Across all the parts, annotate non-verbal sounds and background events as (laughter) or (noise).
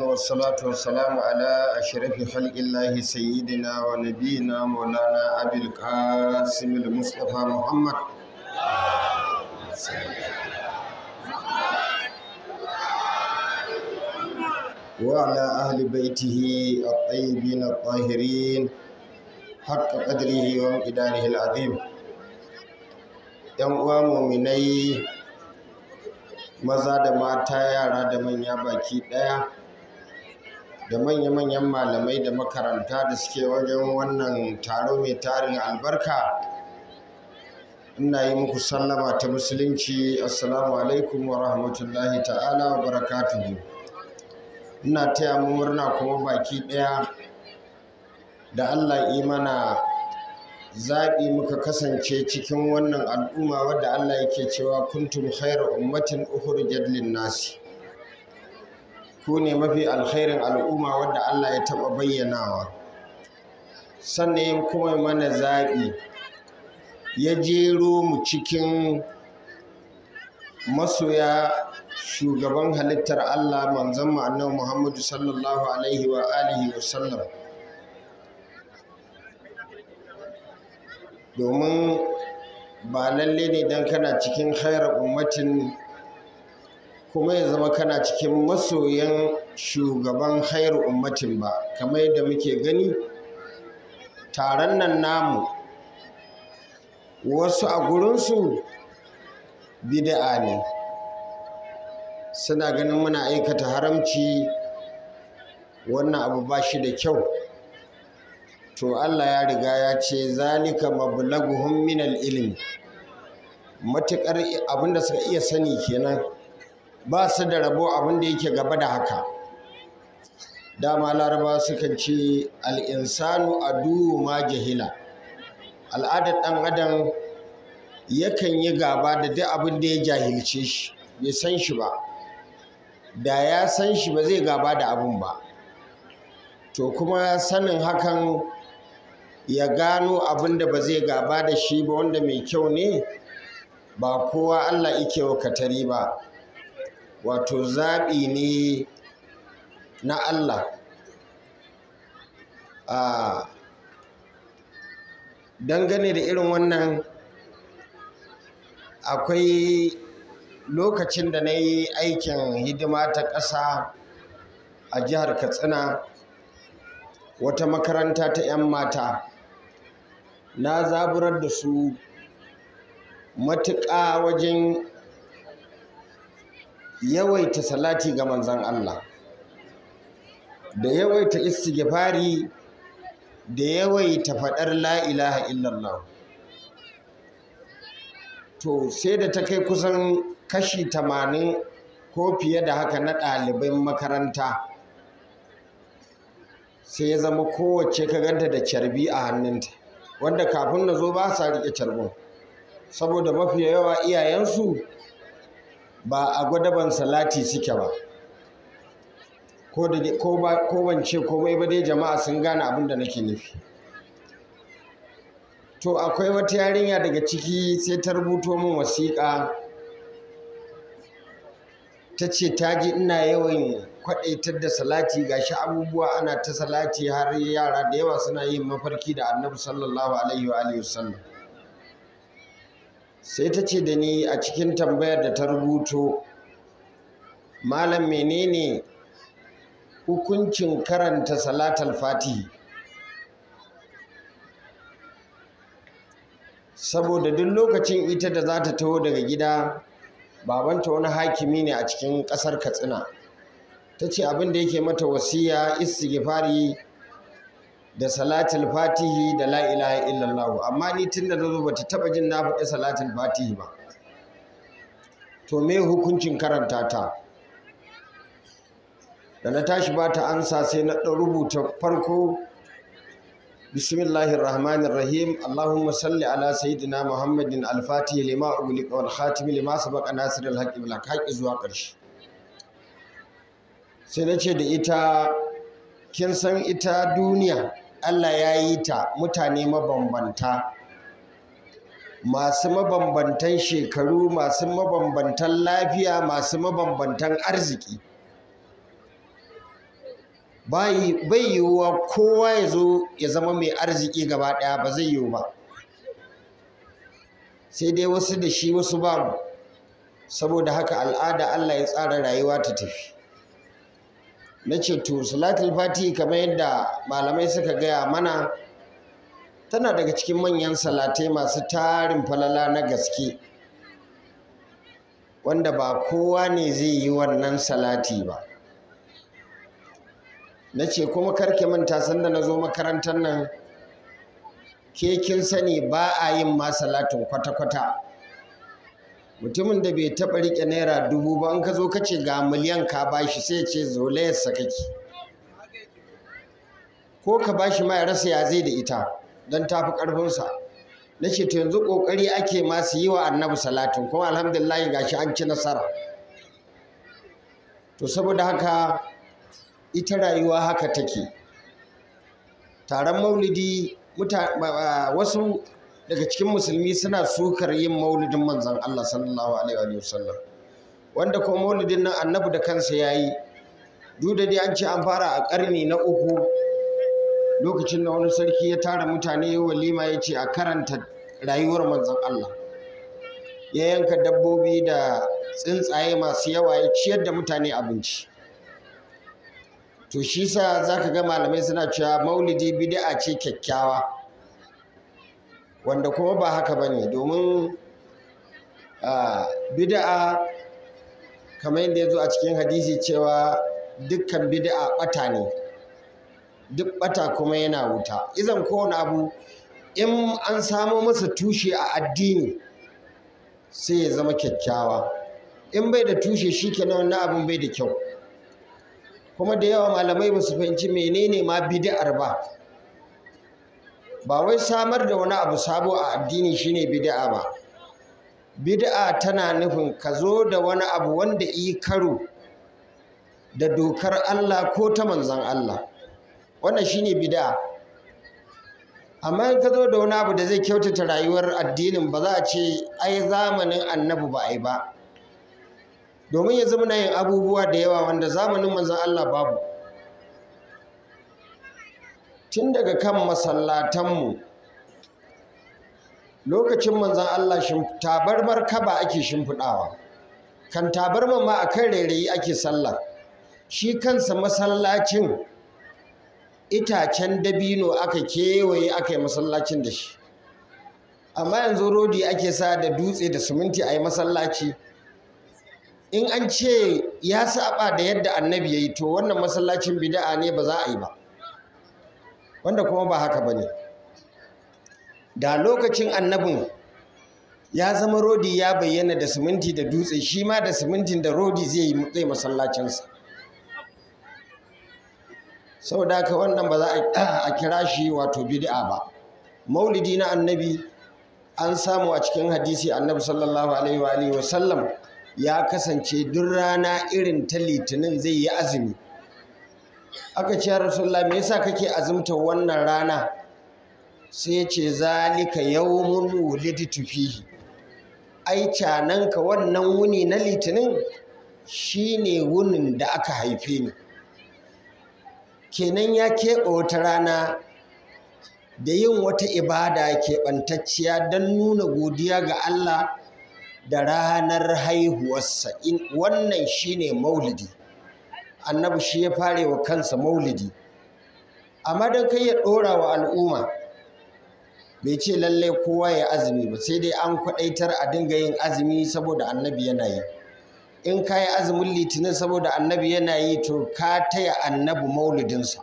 والصلاة والسلام على أشرف خلق الله سيدنا ونبينا مولانا أبي القاسم المصطفى محمد وعلى أهل بيته الطيبين الطاهرين حق قدره ومقداره العظيم يوم مؤمني maza da mata yara da manya baki ɗaya da manya-manyan malamai da makaranta da suke wajen wannan taro mai tarin albarka ina yi muku sallama ta musulunci assalamu alaikum wa rahmatullahi ta'ala wa barakatuhu ina taya mu murna kuma baki ɗaya da allah imana zaɓi muka kasance cikin wannan al'umma wadda allah yake cewa kuntum khairu ummatin ukhrijat lin nasi ku ne mafi alkhairin al'umma wadda Allah ya taɓa bayyanawa sannan kuma mana zaɓi ya jero mu cikin masoya shugaban halittar Allah manzon annabi Muhammadu sallallahu alaihi wa alihi wa sallam domin ba lalle ne don kana cikin khairar ummatin kuma ya zama kana cikin masoyan shugaban hayar ummatin ba kamar yadda muke gani taron nan namu wasu a gurinsu bida'a ne suna ganin muna aikata haramci wannan abu ba shi da kyau to allah ya riga ya ce zalika mablaguhum minal ilimi matuƙar abinda suka iya sani kenan ba su da rabo abin da yake gaba da haka dama laraba sukan ce al'insanu a ma jahila al'adar ɗan adam yakan yi gaba da duk abin da ya jahilce shi bai san shi ba da ya san shi ba zai gaba da abin ba to kuma sanin hakan ya gano abin da ba zai gaba da shi ba wanda mai kyau ne ba kowa allah ike wa katari ba wato zaɓi ne na Allah a dangane da irin wannan akwai lokacin da na yi aikin hidima ta ƙasa a jihar katsina wata makaranta ta 'yan mata na zaburar da su matuƙa wajen yawaita salati ga manzan Allah da yawaita istighfari da yawaita faɗar la ilaha illallah to sai da ta kai kusan kashi tamanin ko fiye da haka na ɗaliban makaranta sai ya zama kowace ka ganta da carbi a hannunta wanda kafin na zo ba sa riƙe carbon saboda mafi yawa iyayensu ba a gwadaban salati suke ba ko ban ce komai ba dai jama'a sun gane abin da nake nufi to akwai wata yarinya daga ciki sai ta rubuto min wasiƙa ta ce ta ji ina yawan kwaɗaitar da salati gashi abubuwa ana ta salati har yara da yawa suna yin mafarki da annabi sallallahu alaihi wa wasallam sai ta ce da ni a cikin tambayar da ta rubuto malam menene hukuncin karanta salatul fatihi saboda duk lokacin ita da za ta taho daga gida babanta wani hakimi ne a cikin ƙasar katsina ta ce abin da yake mata wasiya istighfari da salatul fatihi da la ilaha illallah amma ni tun da nazo bata taba jin na faɗi salatul fatihi ba to me hukuncin karanta ta da na tashi ba ta ansa sai na ɗan rubuta farko bismillahir rahmanir rahim allahumma salli ala sayyidina muhammadin al-fatihi lima ughliqa wal khatimi lima sabaqa nasir al-haqqi bil haqqi zuwa ƙarshe sai na ce da ita kin san ita duniya Allah ya yi ta mutane mabambanta masu mabambantan shekaru masu mabambantan lafiya masu mabambantan arziki bai yiwuwa kowa ya zo ya zama mai arziki gaba ɗaya ba zai yiwu ba sai dai wasu da shi wasu ba saboda haka al'ada Allah ya tsara rayuwa ta tafi na ce to salatul fatihi kamar yadda malamai suka gaya mana tana daga cikin manyan salatai masu tarin falala na gaske wanda ba kowa ne zai yi wannan salati ba na ce kuma karke manta sanda na zo makarantar nan ke kin sani ba a yin ma salatin kwata-kwata mutumin da bai taɓa riƙe naira dubu ba in ka zo ka ce ga miliyan ka ba shi sai ce zolayarsa kake ko ka bashi ma ya rasa ya zai da ita don ta fi ƙarfinsa na ce to yanzu ƙoƙari ake masu yi wa annabi salatin kuma ga gashi an ci nasara to saboda haka ita rayuwa haka take taron maulidi wasu daga cikin musulmi suna sukar yin maulidin manzan Allah sallallahu alaihi wasallam wanda kuma maulidin nan annabu da kansa yayi duk da dai an ce an fara a ƙarni na uku lokacin da wani sarki ya tara mutane walima ya ce a karanta rayuwar manzan Allah ya yanka dabbobi da tsuntsaye masu yawa ya ciyar da mutane abinci to shi sa za ka ga malamai suna cewa maulidi bid'a ce kyakkyawa wanda kuma ba haka ba ne domin bida'a kamar yadda ya zo a cikin hadisi cewa dukkan bida'a ɓata ne duk ɓata kuma yana wuta izan kowane abu in an samo masa tushe a addini sai ya zama kyakkyawa in bai da tushe shi kenan na abin bai da kyau kuma da yawa malamai ba su fahimci menene ma bida'ar ba ba wai samar da wani abu sabo a addini shine bid'a ba bid'a tana nufin ka zo da wani abu wanda yi karo da dokar Allah ko ta manzan Allah wannan shine bid'a amma ka zo da wani abu da zai kyautata rayuwar addinin ba za a ce ai zamanin annabi ba ai ba domin ya zama na yin abubuwa da yawa wanda zamanin manzan Allah babu tun daga kan masallatanmu lokacin manzan Allah shi tabarmar kaba ake shimfiɗawa kan tabarmar ma a kan rairayi ake sallah shi kansa masallacin itacen dabino aka kewaye aka yi masallacin da shi amma yanzu rodi ake sa da dutse da suminti a yi masallaci in an ce ya saba da yadda annabi ya yi to wannan masallacin bida'a ne ba za a yi ba wanda kuma ba haka ba ne da lokacin annabin ya zama rodi ya bayyana da siminti da dutse shi ma da simintin da rodi zai yi zai masallacinsa da haka wannan ba za a kira shi wato bidi'a ba maulidi na annabi an samu a cikin hadisi annabi sallallahu alaihi wa sallam ya kasance duk rana irin ta litinin zai yi azumi aka ce rasulullah me yasa kake azumta wannan rana sai ya ce zalika yawmun wulidtu fihi ai cananka wannan wuni na litinin shine wunin da aka haife ni kenan ya keɓe wata rana da yin wata ibada keɓantacciya don nuna godiya ga Allah da ranar haihuwarsa wannan shine maulidi annabi shi ya fare wa kansa maulidi amma don kai ya ɗora wa al'umma bai ce lallai kowa ya azumi ba sai dai an kwaɗaitar a dinga yin azumi saboda annabi yana yi in ka yi azumin litinin saboda annabi yana yi to ka taya annabi maulidinsa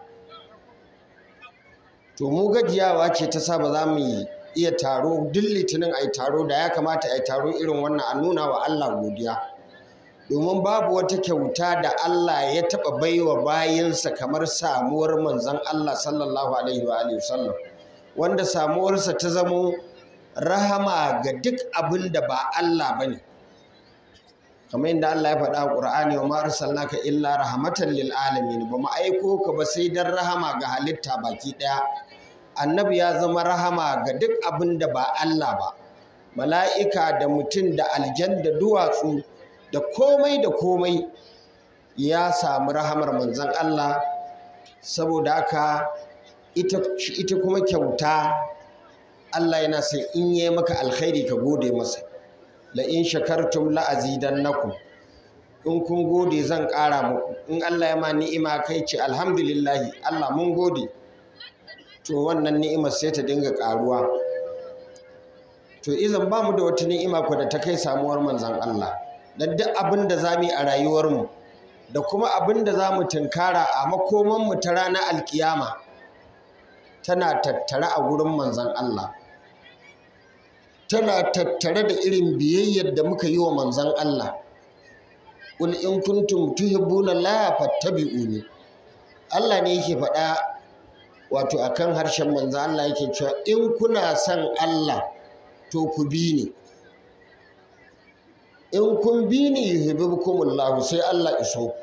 to mu gajiyawa ce ta sa ba za mu yi iya taro duk litinin a yi taro da ya kamata a yi taro irin wannan a nuna wa Allah godiya domin babu wata kyauta da Allah ya taɓa baiwa bayansa kamar samuwar manzan Allah sallallahu alaihi wa sallam wanda samuwarsa ta zamo rahama ga duk abin da ba Allah ba ne. kamar yadda Allah ya faɗa a ƙur'ani, wa ma ka illa rahmatan lil alamin ba mu aiko ka ba sai dan rahama ga halitta baki ɗaya annabi ya zama rahama ga duk abin da ba Allah ba mala'ika da mutum da aljan da duwatsu da komai da komai ya samu rahamar manzan Allah saboda haka ita kuma kyauta Allah yana sai in yi maka alkhairi ka gode masa la in shakartum la naku, in kun gode zan ƙara muku in Allah ya ma ni'ima kai ce alhamdulillahi Allah mun gode to wannan ni'imar sai ta dinga ƙaruwa to izan ba mu da wata ni'ima ko da ta kai samuwar manzan Allah don duk abin da za mu yi a rayuwarmu da kuma abin da za mu tunkara a makomanmu ta ranar alkiyama tana tattare a wurin manzan Allah tana tattare da irin biyayyar da muka yi wa manzan Allah ƙul in kuntum tuhibbuna Allah fattabi'uni Allah ne yake faɗa wato akan harshen manzo Allah yake cewa in kuna son Allah to ku bi ni in kun bi ni yuhibbukumullahu sai Allah iso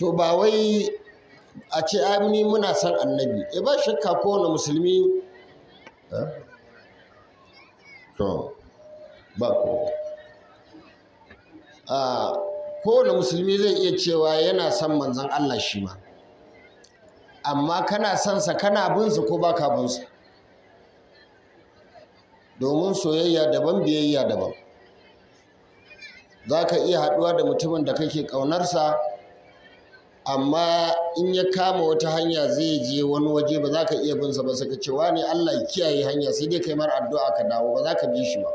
to ba wai a ce amini muna son annabi e ba shakka kowane musulmi eh, to ba ko a kowane musulmi zai iya cewa yana son manzon Allah shi ma amma kana son sa kana bin su ko baka bin sa domin soyayya daban biyayya daban za ka iya haɗuwa da mutumin da kake ƙaunarsa amma in ya kama wata hanya zai je wani waje ba za ka iya sa ba sai cewa ne Allah ya kiyaye hanya sai dai kai mar addu'a ka dawo ba za ka bi shi ba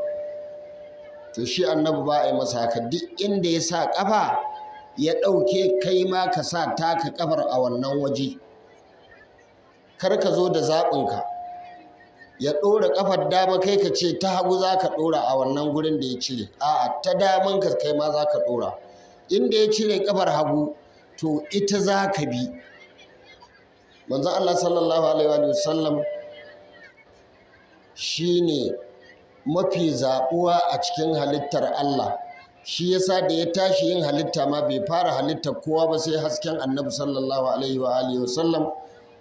to shi annabi ba a yi masa haka duk inda ya sa ƙafa ya ɗauke kai ma ka sa taka ƙafar a wannan waje kar ka zo da zaɓinka ya ɗora ƙafar dama kai ka ce ta hagu za ka ɗora a wannan gurin da ya cire a'a ta daman ka kai ma za ka ɗora inda ya cire ƙafar hagu to ita za ka bi manzo Allah sallallahu alaihi wa sallam shine mafi zaɓuwa a cikin halittar Allah shi yasa da ya tashi yin halitta ma bai fara halittar kowa ba sai hasken annabi sallallahu alaihi wa sallam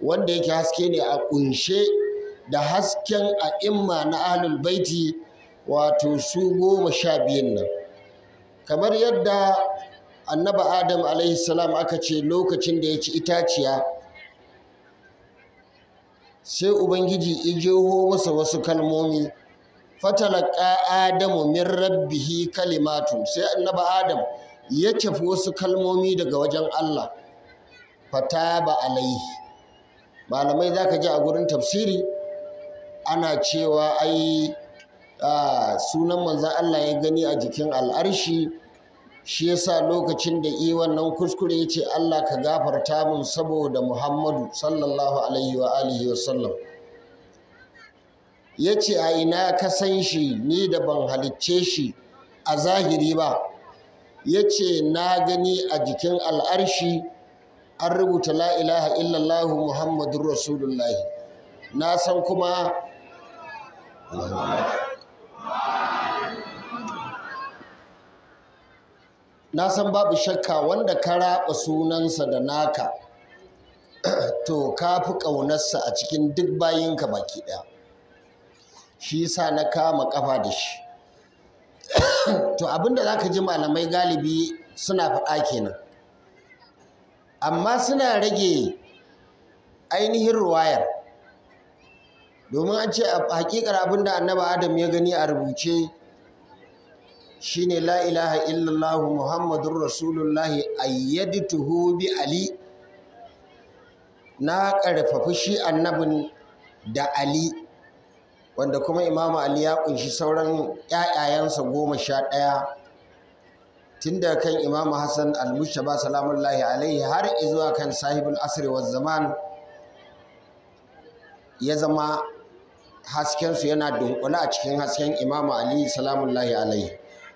wanda yake haske ne a kunshe da hasken a'imma na ahlul baiti wato su goma sha biyun nan kamar yadda annaba adam alaihi salam aka ce lokacin da ya ci itaciya sai ubangiji ijeho masa wasu kalmomi fatalaka adamu min rabbihi kalimatu sai annaba adam ya cafi wasu kalmomi daga wajen allah fataba alaihi malamai za ka ji a gurin tafsiri ana cewa ai sunan manzan Allah ya gani a jikin al'arshi shi yasa lokacin da iya wannan kuskure ya ce Allah ka gafarta mun saboda Muhammadu sallallahu alaihi wa alihi wa sallam ya ce a ina ka san shi ni da ban halicce shi a zahiri ba ya ce na gani a jikin al'arshi an rubuta la illallahu Muhammadu rasulullahi na san kuma na san babu shakka wanda ka raba sunansa da naka (clears throat) to ka fi ƙaunarsa a cikin duk bayinka baki ɗaya shi sa na kama ƙafa da shi (clears throat) to abinda za ka ji malamai galibi suna faɗa kenan amma suna rage ainihin ruwayar domin an ce a hakikar abin da annaba adam ya gani a rubuce shine la ilaha illallahu muhammadun rasulullahi ayyadtuhu bi ali na karfafi shi annabin da ali wanda kuma imamu ali ya kunshi sauran ƴaƴayensa goma sha ɗaya tun da kan imamu hassan al salamullahi alaihi har zuwa kan sahibul asiri wa zaman ya zama haskensu yana dunkule a cikin hasken imamu ali salamullahi alaihi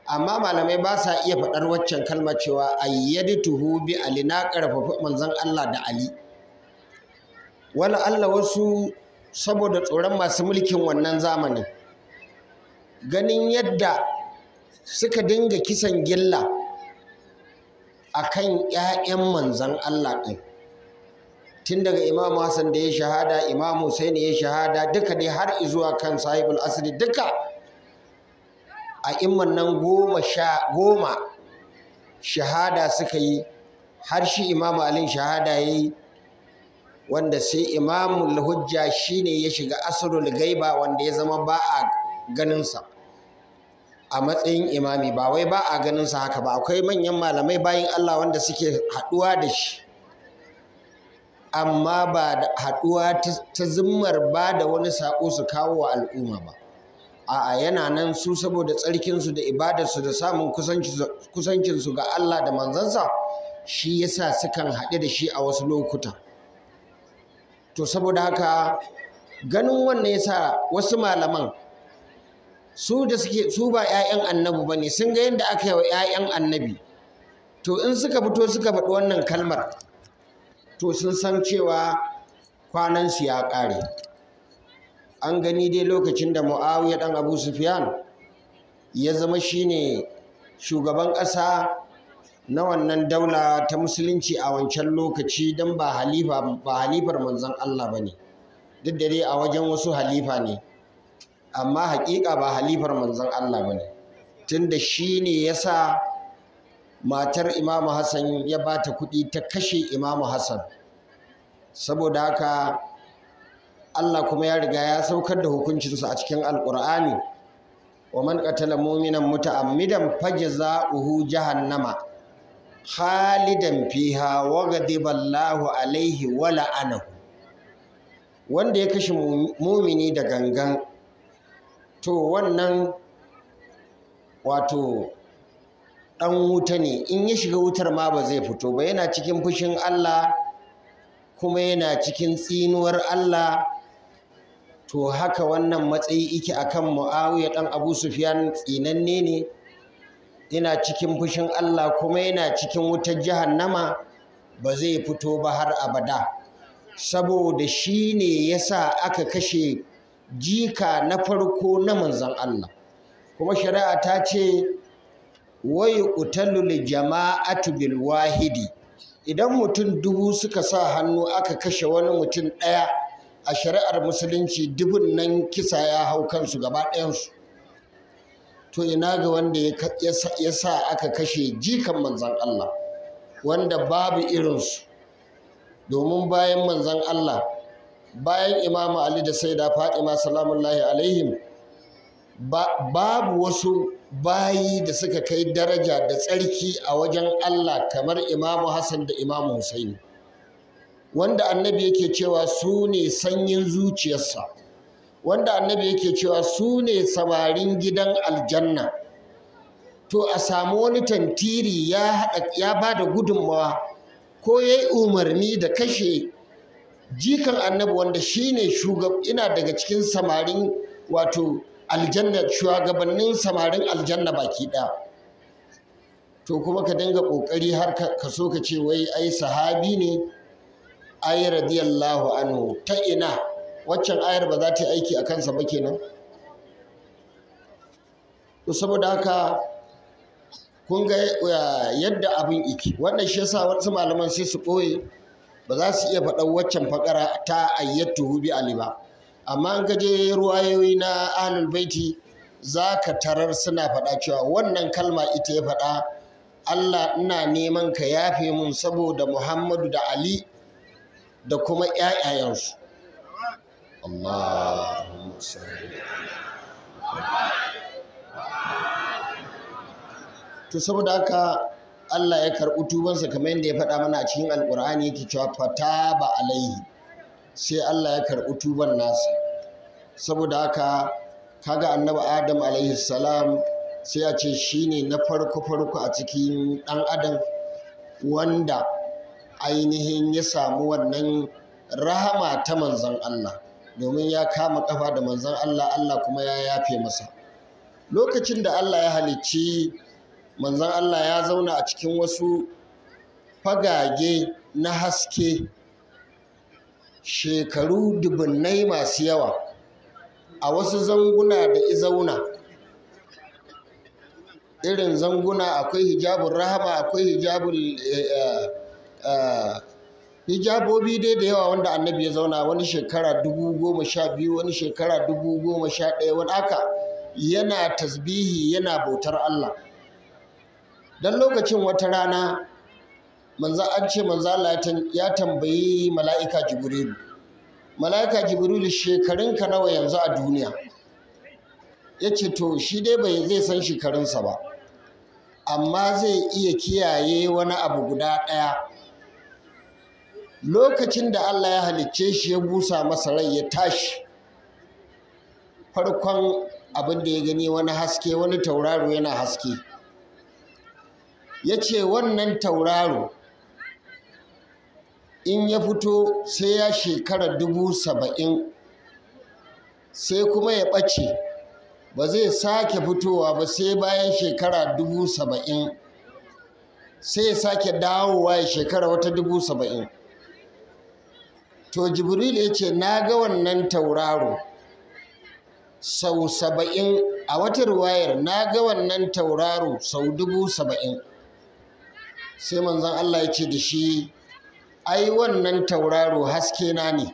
amma malamai ba sa iya faɗar waccan kalma cewa ayyadituhu bi ali na ƙarfafi manzon Allah da ali wala Allah wasu saboda tsoron masu mulkin wannan zamanin ganin yadda suka dinga kisan gilla akan 'ya'yan manzon Allah ɗin tun daga imamu hassan da ya shahada imamu ne ya shahada duka dai har zuwa kan sahibul asiri duka a imman nan goma sha goma shahada suka yi har shi imamu alin shahada ya yi wanda sai imamu shi ne ya shiga asrul gaiba wanda ya zama ba a ganinsa a matsayin imami ba wai ba a ganinsa haka ba akwai manyan malamai bayan Allah wanda suke haɗuwa da shi amma ba da haɗuwa ta zimmar ba da wani saƙo su kawo wa al'umma ba a'a yana nan su saboda tsarkinsu da ibadarsu da samun kusancinsu ga Allah da manzansa shi yasa sukan haɗu da shi a wasu lokuta to saboda haka ganin wannan yasa wasu malaman su da suke su ba 'ya'yan annabi ba ne sun ga yadda aka yi wa 'ya'yan annabi to in suka fito suka faɗi wannan kalmar to sun san cewa kwanansu ya ƙare an gani dai lokacin da mu'awiya ɗan abu sufyan ya zama shine shugaban ƙasa na wannan daula ta musulunci a wancan lokaci don ba halifar manzan Allah ba ne duk da dai a wajen wasu halifa ne amma haƙiƙa ba halifar manzon Allah ba ne tunda shi ne ya sa matar imamu hassan ya ba ta kuɗi ta kashe imamu hassan saboda haka allah kuma ya riga ya saukar da hukuncinsu a cikin alƙur'ani wa man qatala mu'minan muta'ammidan fajza'uhu jahannama khalidan fiha wa gadi alaihi wa la'anahu wanda ya kashe mumini da gangan to wannan wato ɗan wuta ne in ya shiga wutar ma ba zai fito ba yana cikin fushin Allah kuma yana cikin tsinuwar Allah to haka wannan matsayi iki akan Muawiya ɗan Abu Sufyan tsinanne ne yana cikin fushin Allah kuma yana cikin wutar jahannama ba zai fito ba har abada saboda shi ne ya sa aka kashe jika na farko na manzon Allah kuma shari'a ta ce Wai yuqtalu jama'atu bil wahidi idan mutum dubu suka sa hannu aka kashe wani mutum ɗaya a shari'ar musulunci dubun nan kisa ya hau kansu gaba ɗayansu to ina ga wanda ya sa aka kashe jikan manzan Allah wanda babu irinsu domin bayan Manzon Allah bayan imamu Ali da sai da Fatima salamullahi alaihim babu wasu bayi da suka kai daraja da tsarki a wajen Allah kamar Imamu Hassan da Imamu Hussein wanda annabi yake cewa su ne sanyin zuciyarsa wanda annabi yake cewa su ne samarin gidan aljanna to a samu wani tantiri ya, ya ba da gudunmawa ko ya yi umarni da kashe jikan annabi wanda shi ne ina daga cikin samarin wato aljanna shugabannin samarin aljanna baki ɗaya to kuma ka dinga ƙoƙari har ka so ka ce wai ai sahabi ne ai radiyallahu anhu ta ina waccan ayar ba za ta yi aiki a kansa ba kenan to saboda haka kun ga yadda abin iki wannan shi yasa wasu malaman sai su ɓoye ba za su iya faɗan waccan fakara ta ayyatu bi ali ba amma in ka ruwayoyi na ahlul baiti za ka tarar suna faɗa cewa wannan kalma ita ya faɗa Allah ina neman ka yafe mun saboda Muhammadu da Ali da kuma ‘ya'yayensu. To saboda haka Allah ya karɓi tubansa kamar yadda ya faɗa mana a cikin Alƙur'ani yake cewa fata ba alaihi. sai Allah ya karɓi tuban nasa saboda haka kaga annabi adam alaihi salam sai a ce shine na farko farko a cikin ɗan adam wanda ainihin ya samu wannan rahama ta manzon Allah domin ya kama kafa da manzon Allah Allah kuma ya yafe masa lokacin da Allah ya halicci manzon Allah ya zauna a cikin wasu fagage na haske shekaru dubunnai masu yawa a wasu zanguna da izauna irin zanguna akwai hijabun rahama akwai hijabun eh, eh, eh, hijabobi dai da yawa wanda annabi ya zauna wani shekara dubu goma sha biyu wani shekara dubu goma sha ɗaya wani aka yana tasbihi yana bautar Allah don lokacin wata rana manzan an ce manzan Allah ya tambayi mala'ika Jibrilu mala'ika Jibrilu shekarunka nawa yanzu a duniya Ya ce to shi dai bai zai san shekarunsa ba amma zai iya kiyaye wani abu guda ɗaya lokacin da Allah ya halicce shi ya busa masa rai ya tashi farkon abin da ya gani wani haske wani tauraro yana haske ya ce wannan tauraro in ya fito sai ya shekara dubu saba'in sai kuma ya ɓace ba zai sake fitowa ba sai bayan shekara dubu saba'in sai ya sake dawowa ya shekara wata dubu saba'in to jibril ya ce na ga wannan tauraro sau saba'in a wata ruwayar na ga wannan tauraro sau dubu saba'in sai manzon allah ya ce da shi ai wannan tauraro haske na ne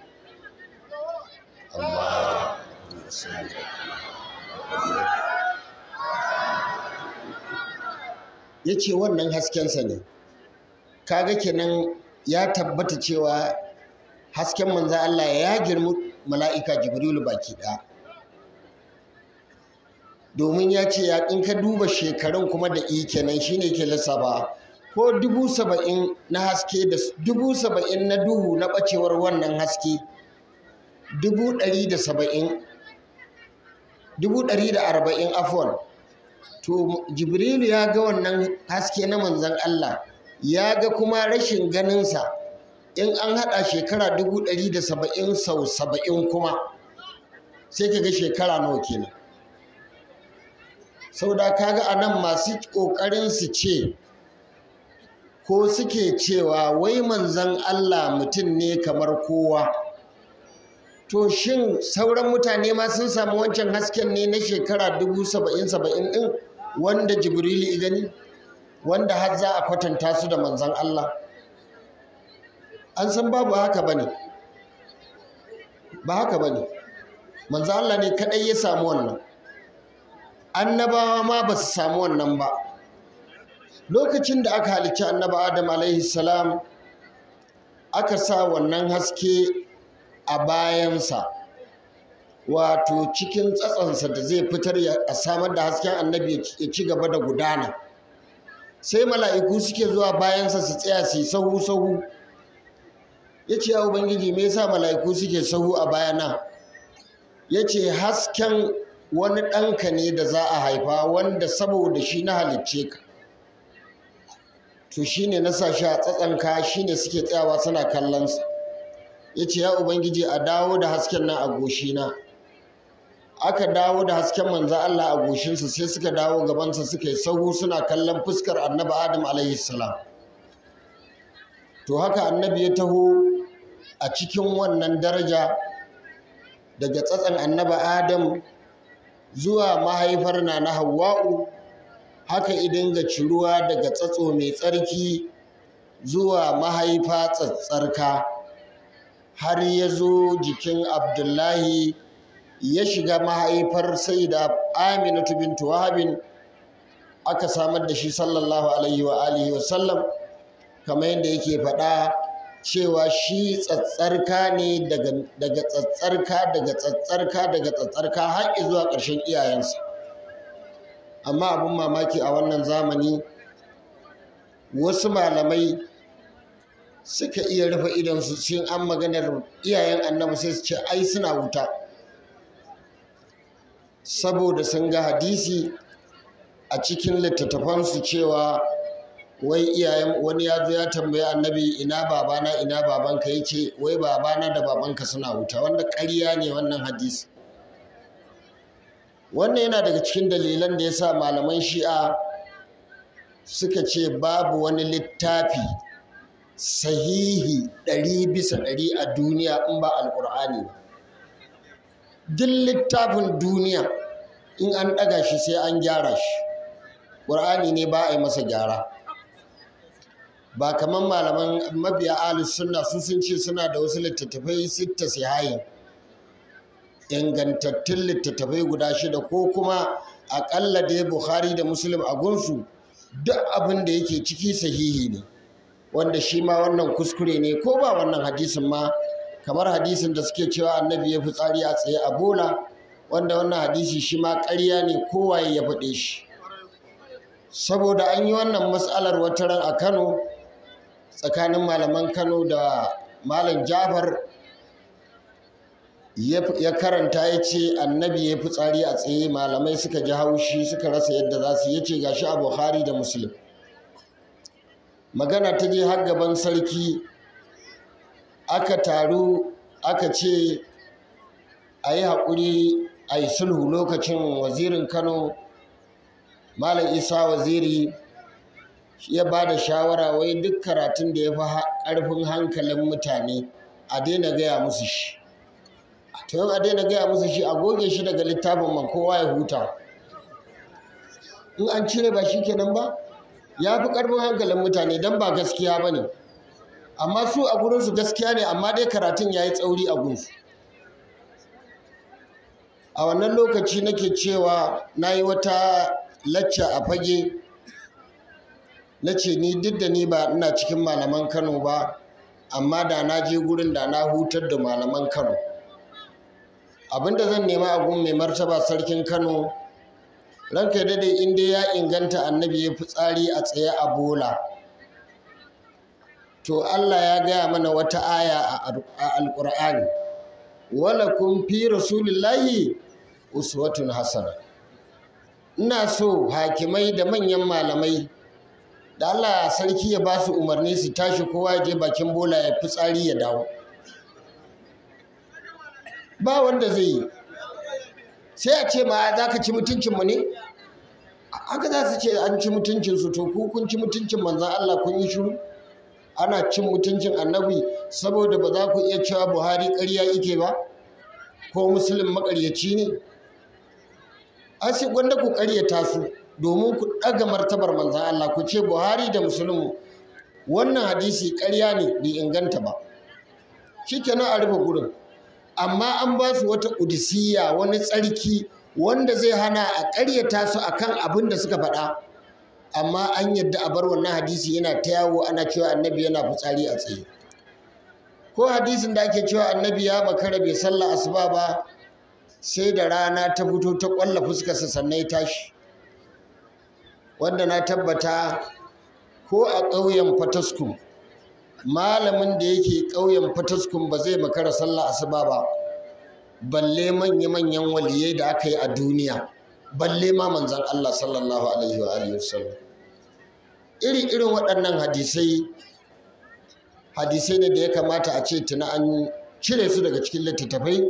ya ce wannan haskensa ne kaga kenan ya tabbata cewa hasken manzo Allah ya girmi mala'ika jibrilu baki ɗaya domin ya ce ya in ka duba shekarun kuma da i kenan shine ke lissafa ko dubu saba'in na haske da dubu saba'in na duhu na ɓacewar wannan haske dubu ɗari da saba'in dubu ɗari da arba'in afon to jibrilu ya ga wannan haske na manzan Allah ya ga kuma rashin ganinsa in an haɗa shekara dubu ɗari da saba'in sau saba'in kuma sai ka ga shekara nawa kenan sau da kaga a nan masu ƙoƙarin su ce ko suke cewa wai manzon Allah mutum ne kamar kowa to shin sauran mutane ma sun samu wancan hasken ne na shekara dubu saba'in saba'in ɗin wanda jibrili gani wanda har za a kwatanta su da manzon Allah an san babu haka ne ba haka ne manzan Allah ne kadai ya samu wannan annabawa ma ba su samu wannan ba lokacin da aka halicci annaba adam alaihi salam aka sa wannan haske a bayansa wato cikin tsatsansa da zai fitar a samar da hasken annabi ya ci gaba da gudana sai mala'iku suke zuwa bayansa su tsaya su yi sahu-sahu ya ce ya ubangiji me yasa mala'iku suke sahu a bayana ya ce hasken wani ɗanka ne da za a haifa wanda saboda shi na halicce ka to shi ne na sa shi a tsatsanka ne suke tsayawa suna kallonsa, ya yace ya ubangiji a dawo da hasken nan a goshina aka dawo da hasken manzo Allah a goshinsa sai suka dawo gabansa suka yi sahu suna kallon fuskar annabi Adam alaihi salam to haka annabi ya taho a cikin wannan daraja daga tsatsan annabi Adam zuwa mahaifar na na Hawwa'u haka idan ga ciruwa daga tsatso mai tsarki zuwa mahaifa tsatsarka har ya zo jikin abdullahi ya shiga mahaifar sai da aminatu bintu wahabin aka samar da shi sallallahu alaihi wa alihi wasallam kamar yadda yake faɗa cewa shi tsatsarka ne daga tsatsarka daga tsatsarka daga tsatsarka har zuwa ƙarshen iyayensa amma abin mamaki a wannan zamani wasu malamai suka iya rufe su yin an maganar iyayen annabi sai su ce ai suna wuta saboda sun ga hadisi a cikin littattafansu cewa wai iyayen wani ya zo ya tambayi annabi ina babana ina babanka ya ce wai babana da babanka suna wuta wanda ƙarya ne wannan hadisi wannan yana daga cikin dalilan da ya sa malaman shi'a suka ce babu wani littafi sahihi ɗari bisa ɗari a duniya in ba alƙur'ani duk littafin duniya in an ɗaga shi sai an gyara shi ƙur'ani ne ba a yi masa gyara ba kamar malaman mabiya alisunna sunna sun sun ce suna da wasu littattafai sitta sihayin ingantattun littattafai guda shida ko kuma aƙalla dai bukhari da muslim a gunsu duk abin da yake ciki sahihi ne wanda shi ma wannan kuskure ne ko ba wannan hadisin ma kamar hadisin da suke cewa annabi ya fi tsari a tsaye a bola wanda wannan hadisi shi ma ƙarya ne kowaye ya faɗe shi saboda an yi wannan matsalar wataran a kano tsakanin malaman kano da malam jafar ya karanta ya ce annabi ya fi tsari a tsaye malamai suka ji haushi suka rasa yadda za su ya ce shi a buhari da muslim magana ta je har gaban sarki aka taru aka ce a yi haƙuri a yi sulhu lokacin wazirin kano malam isa waziri ya ba da shawara wai duk karatun da ya fi ƙarfin hankalin mutane a daina gaya musu shi to a daina gaya musu shi a goge shi daga littafin man kowa ya huta in an cire ba shi kenan ba ya fi ƙarfin hankalin mutane don ba gaskiya ba ne amma su a gurinsu gaskiya ne amma dai karatun ya yi tsauri a gunsu a wannan lokaci nake cewa na yi wata lacca a fage na ce ni duk da ni ba ina cikin malaman kano ba amma da na je gurin da na hutar da malaman kano abinda zan nema a gun mai martaba sarkin Kano ranka dade in dai ya inganta annabi ya fi tsari a tsaye a bola to Allah ya gaya mana wata aya a alƙur'ani wala kun fi rasulillahi uswatun hasana ina so hakimai da manyan malamai da Allah sarki ya ba su umarni su tashi kowa ya je bakin bola ya fi tsari ya dawo ba wanda zai yi sai a ce ma za ka ci mutuncinmu ne haka za su ce an ci mutuncinsu to ku kun ci mutuncin manzan Allah kun yi shiru ana cin mutuncin annabi saboda ba za ku iya cewa buhari ƙarya ike ba ko musulun maƙaryaci ne ashe gwanda ku ƙaryata su domin ku ɗaga martabar manzan Allah ku ce buhari da musulun wannan hadisi ƙarya ne bai inganta ba shikenan a rufe gurin amma an ba su wata udisiya wani tsarki wanda zai hana a ƙaryata su akan abin da suka faɗa amma an yadda a bar wannan hadisi yana ta yawo ana cewa annabi yana fitsari a tsaye ko hadisin da ake cewa annabi ya makara bai sallah asuba ba sai da rana ta fito ta kwalla fuskarsa sannan ya tashi wanda na tabbata ko a ƙauyen fatasku malamin da yake ƙauyen fataskun ba zai makara sallah asuba ba balle manya-manyan waliye da aka yi a duniya balle ma manzan Allah sallallahu alaihi wa irin iri irin waɗannan hadisai hadisai ne da ya kamata a ce tuna an cire su daga cikin littattafai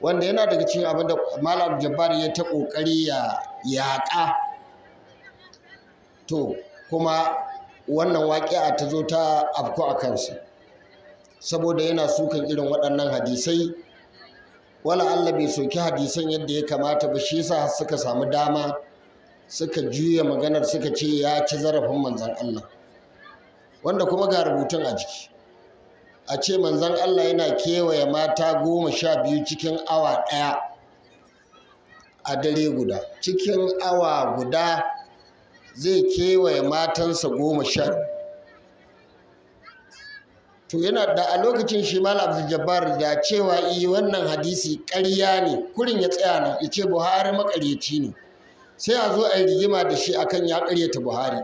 wanda yana daga cikin abin da malam jabbar ya ta ƙoƙari ya yaƙa to kuma wannan waƙi'a ta zo ta afku a kansa saboda yana sukan irin waɗannan hadisai wala Allah bai soki hadisan yadda ya kamata ba shi yasa suka samu dama suka juya maganar suka ce ya ci zarafin manzon Allah wanda kuma ga rubutun a jiki a ce manzon Allah yana kewaye mata goma sha biyu cikin awa ɗaya a dare guda cikin awa guda zai kewaye matansa goma sha to yana da a lokacin Shimal mal jabbar da cewa i eh wannan hadisi ƙarya ne kurin ya tsaya nan ya ce buhari makaryaci ne sai a zo a yi rigima da shi akan ya ƙaryata buhari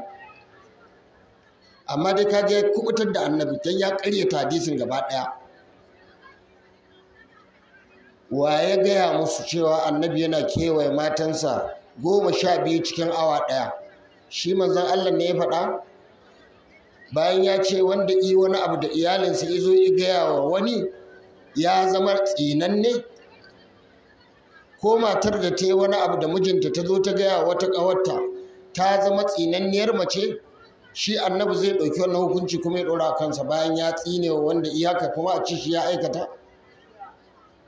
amma dai ka kubutar da annabi don ya ƙaryata hadisin gaba ɗaya wa ya gaya musu cewa annabi yana kewaye matansa goma sha biyu cikin awa ɗaya shi manzon Allah ne ya faɗa bayan ya ce wanda yi wani abu da iyalinsa ya zo ya gaya wa wani ya zama tsinanne ko matar da ta yi wani abu da mijinta ta zo ta gaya wata ƙawarta ta zama tsinanniyar mace shi annabi zai ɗauki wannan hukunci kuma ya ɗora kansa bayan ya tsine wanda iyaka kuma a ci shi ya aikata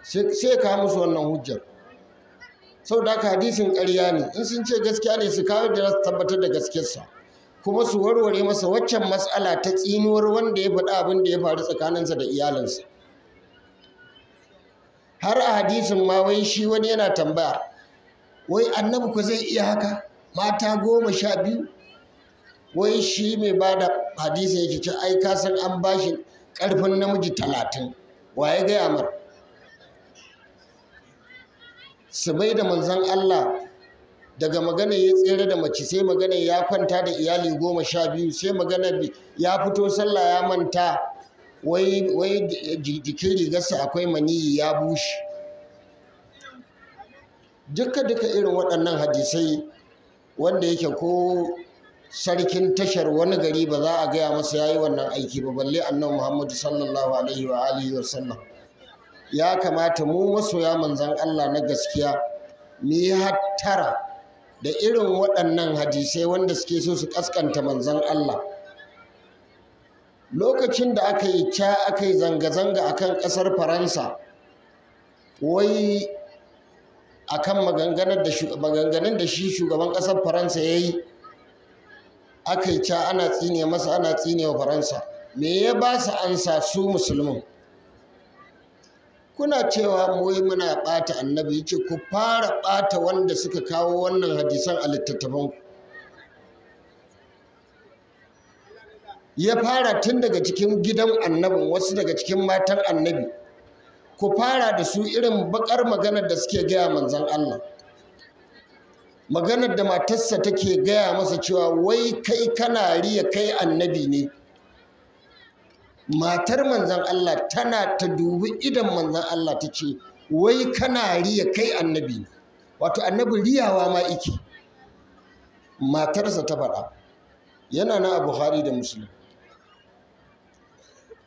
sai ka musu wannan hujjar saboda haka hadisin ƙarya ne in sun ce gaskiya ne su kawo da su tabbatar da gaskiyarsa kuma su warware masa waccan matsala ta tsinuwar wanda ya faɗa abin da ya faru tsakaninsa da iyalinsa har a hadisin ma wai shi wani yana tambaya wai annabi ku zai iya haka mata goma sha biyu wai shi mai ba da hadisin yake ce ai kasan an bashi ƙarfin namiji talatin waye gaya mara su mai da manzon Allah daga magana ya tsere da mace sai magana ya kwanta da iyali goma sha biyu sai magana ya fito sallah ya manta wai jikin rigarsa akwai maniyi ya bushe duka duka irin waɗannan hadisai wanda yake ko sarkin tashar wani gari ba za a gaya masa yayi wannan aiki ba balle annabi Muhammad sallallahu alaihi wa alihi wa ya kamata mu masoya manzan Allah na gaskiya mu yi hattara da irin waɗannan hadisai wanda suke so su ƙaskanta manzan Allah lokacin da aka yi ca aka yi zanga-zanga a kan ƙasar faransa wai a kan maganganun da shi shugaban ƙasar faransa ya yi aka yi ca ana tsine masa ana tsine wa faransa me ya ba su ansa su musulmin kuna cewa muwai muna ɓata annabi yace ku fara ɓata wanda suka kawo wannan hadisan a littattafan ya fara tun daga cikin gidan annabin wasu daga cikin matan annabi ku fara da su irin bakar maganar da suke gaya manzon Allah maganar da matarsa take gaya masa cewa wai kai kana riya kai annabi ne matar manzan Allah tana ta dubi idan manzan Allah ta ce wai kana riya kai annabi wato annabi riyawa ma iki matarsa ta faɗa yana na a Buhari da musulun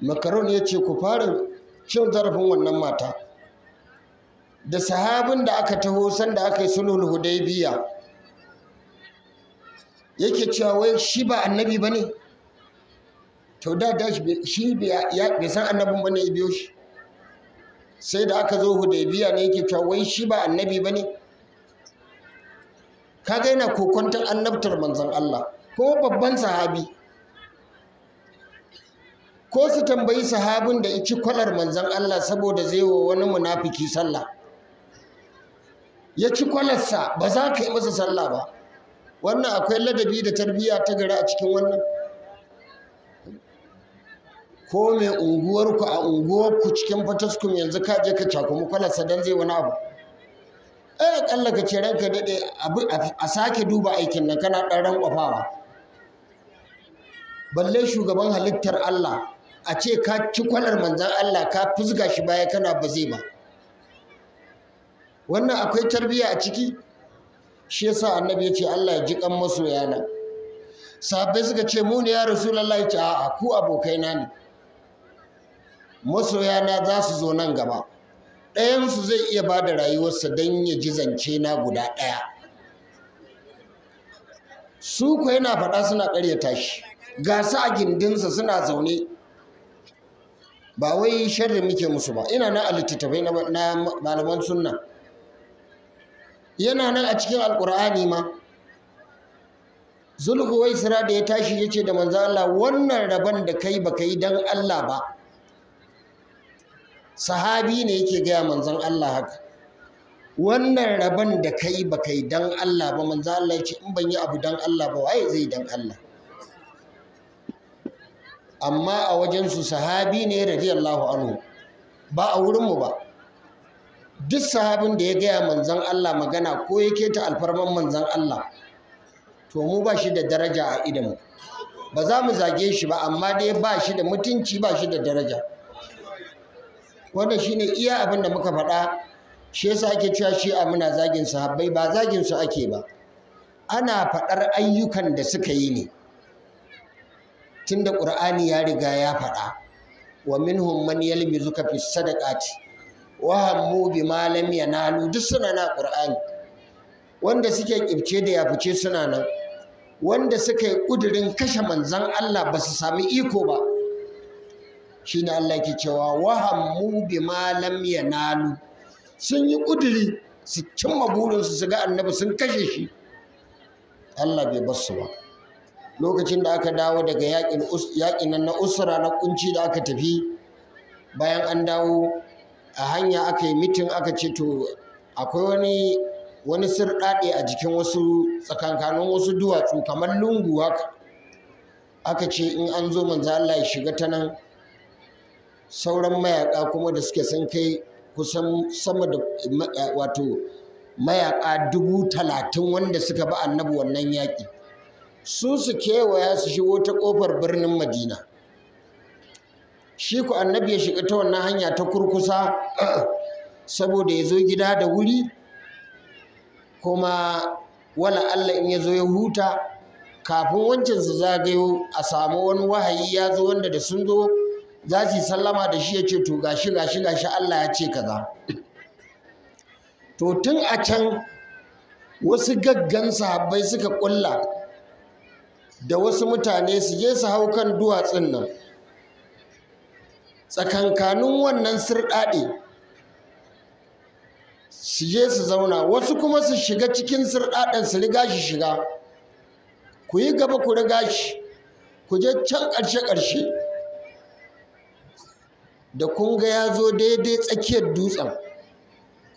Makaron ya ce ku fara cin zarafin wannan mata da sahabin da aka taho sanda aka yi sulhul hudaybiya yake cewa wai shi ba annabi bane to da dashi shi bai san annabin bane ya biyo shi sai da aka zo hudaybiya ne yake cewa wai shi ba annabi ba ne? ka ga yana kokontar annabtar manzon Allah ko babban sahabi ko su tambayi sahabin da ici kwalar manzon Allah saboda zai wa wani munafiki sallah ya ci kwalarsa ba za ka yi masa sallah ba wannan akwai ladabi da tarbiyya ta gari a cikin wannan ko mai unguwarku a unguwarku cikin fataskum yanzu ka je ka cakumi kwalarsa don zai wani abu eh kallaka ka ce ranka daɗe a sake duba aikin nan kana ɗan rankwafawa balle shugaban halittar Allah a ce ka ci kwalar manzan Allah ka fusga shi baya kana ba zai ba wannan akwai tarbiyya a ciki shi yasa annabi ya ce Allah ya ji kan masoyana sahabbai suka ce mu ne ya rasulullahi ce a'a ku na ne masoyana za su zo nan gaba ɗayansu zai iya ba da rayuwarsa don ya ji zance na guda ɗaya su ku yana faɗa suna ƙaryata shi ga su a gindinsa suna zaune ba wai sharri muke musu ba ina nan a littattafai na malaman sunna yana nan a cikin alƙur'ani ma zulhu sira da ya tashi ya ce da manzo Allah wannan rabon da kai baka yi don Allah ba sahabi ne yake gaya manzan Allah haka wannan rabon da ka yi ba kai dan Allah ba manzan Allah ya ce in ban yi abu dan Allah ba waye zai dan Allah amma a wajensu sahabi ne radiyallahu anhu ba a wurinmu ba duk sahabin da ya gaya manzan Allah magana ko ya keta alfarman manzan Allah to mu ba shi da daraja a idanmu ba za mu zage shi ba amma dai ba shi da mutunci ba shi da daraja wanda shine iya abin da muka faɗa shi yasa ake cewa shi a muna zagin sahabbai ba zagin su ake ba ana faɗar ayyukan da suka yi ne tunda ƙur'ani ya riga ya faɗa wa minhum man yalmizuka fi sadaqati wa hammu Malam lam yanalu duk suna na qur'ani wanda suke kibce da ya fice suna nan wanda suka yi ƙudurin kashe manzan Allah ba su sami iko ba Shi ne Allah ke cewa bi bima lam yanalu sun yi kuduri su cimma burinsu su ga annabi sun kashe shi Allah bai bar su ba lokacin da aka dawo daga yakin yakin na usra na kunci da aka tafi bayan an dawo a hanya aka yi mitin aka ce to akwai wani wani sirɗaɗe a jikin wasu tsakankanin wasu duwatsu kamar lungu haka aka ce in an zo manzo Allah ya shiga ta nan sauran mayaka kuma da suke san kai kusan sama da eh, wato mayaka dubu talatin wanda suka ba annabi wannan yaƙi su su kewaya su shigo ta ƙofar birnin madina shi ku annabi ya shiga ta wannan hanya ta kurkusa (clears throat) saboda ya zo gida da wuri kuma wala Allah in ya zo ya huta kafin wancan su zagayo a samu wani wahayi ya zo wanda da sun zo za su sallama da shi ya ce to gashi gashi gashi Allah ya ce kaza to tun a can wasu gaggan sahabbai suka kulla da wasu mutane su je su hau kan duwatsun nan tsakankanin wannan sirdaɗe su je su zauna wasu kuma su shiga cikin sirdaɗen su riga shi shiga ku yi gaba ku riga shi ku je can ƙarshe-ƙarshe da kun ga ya zo daidai tsakiyar dutsen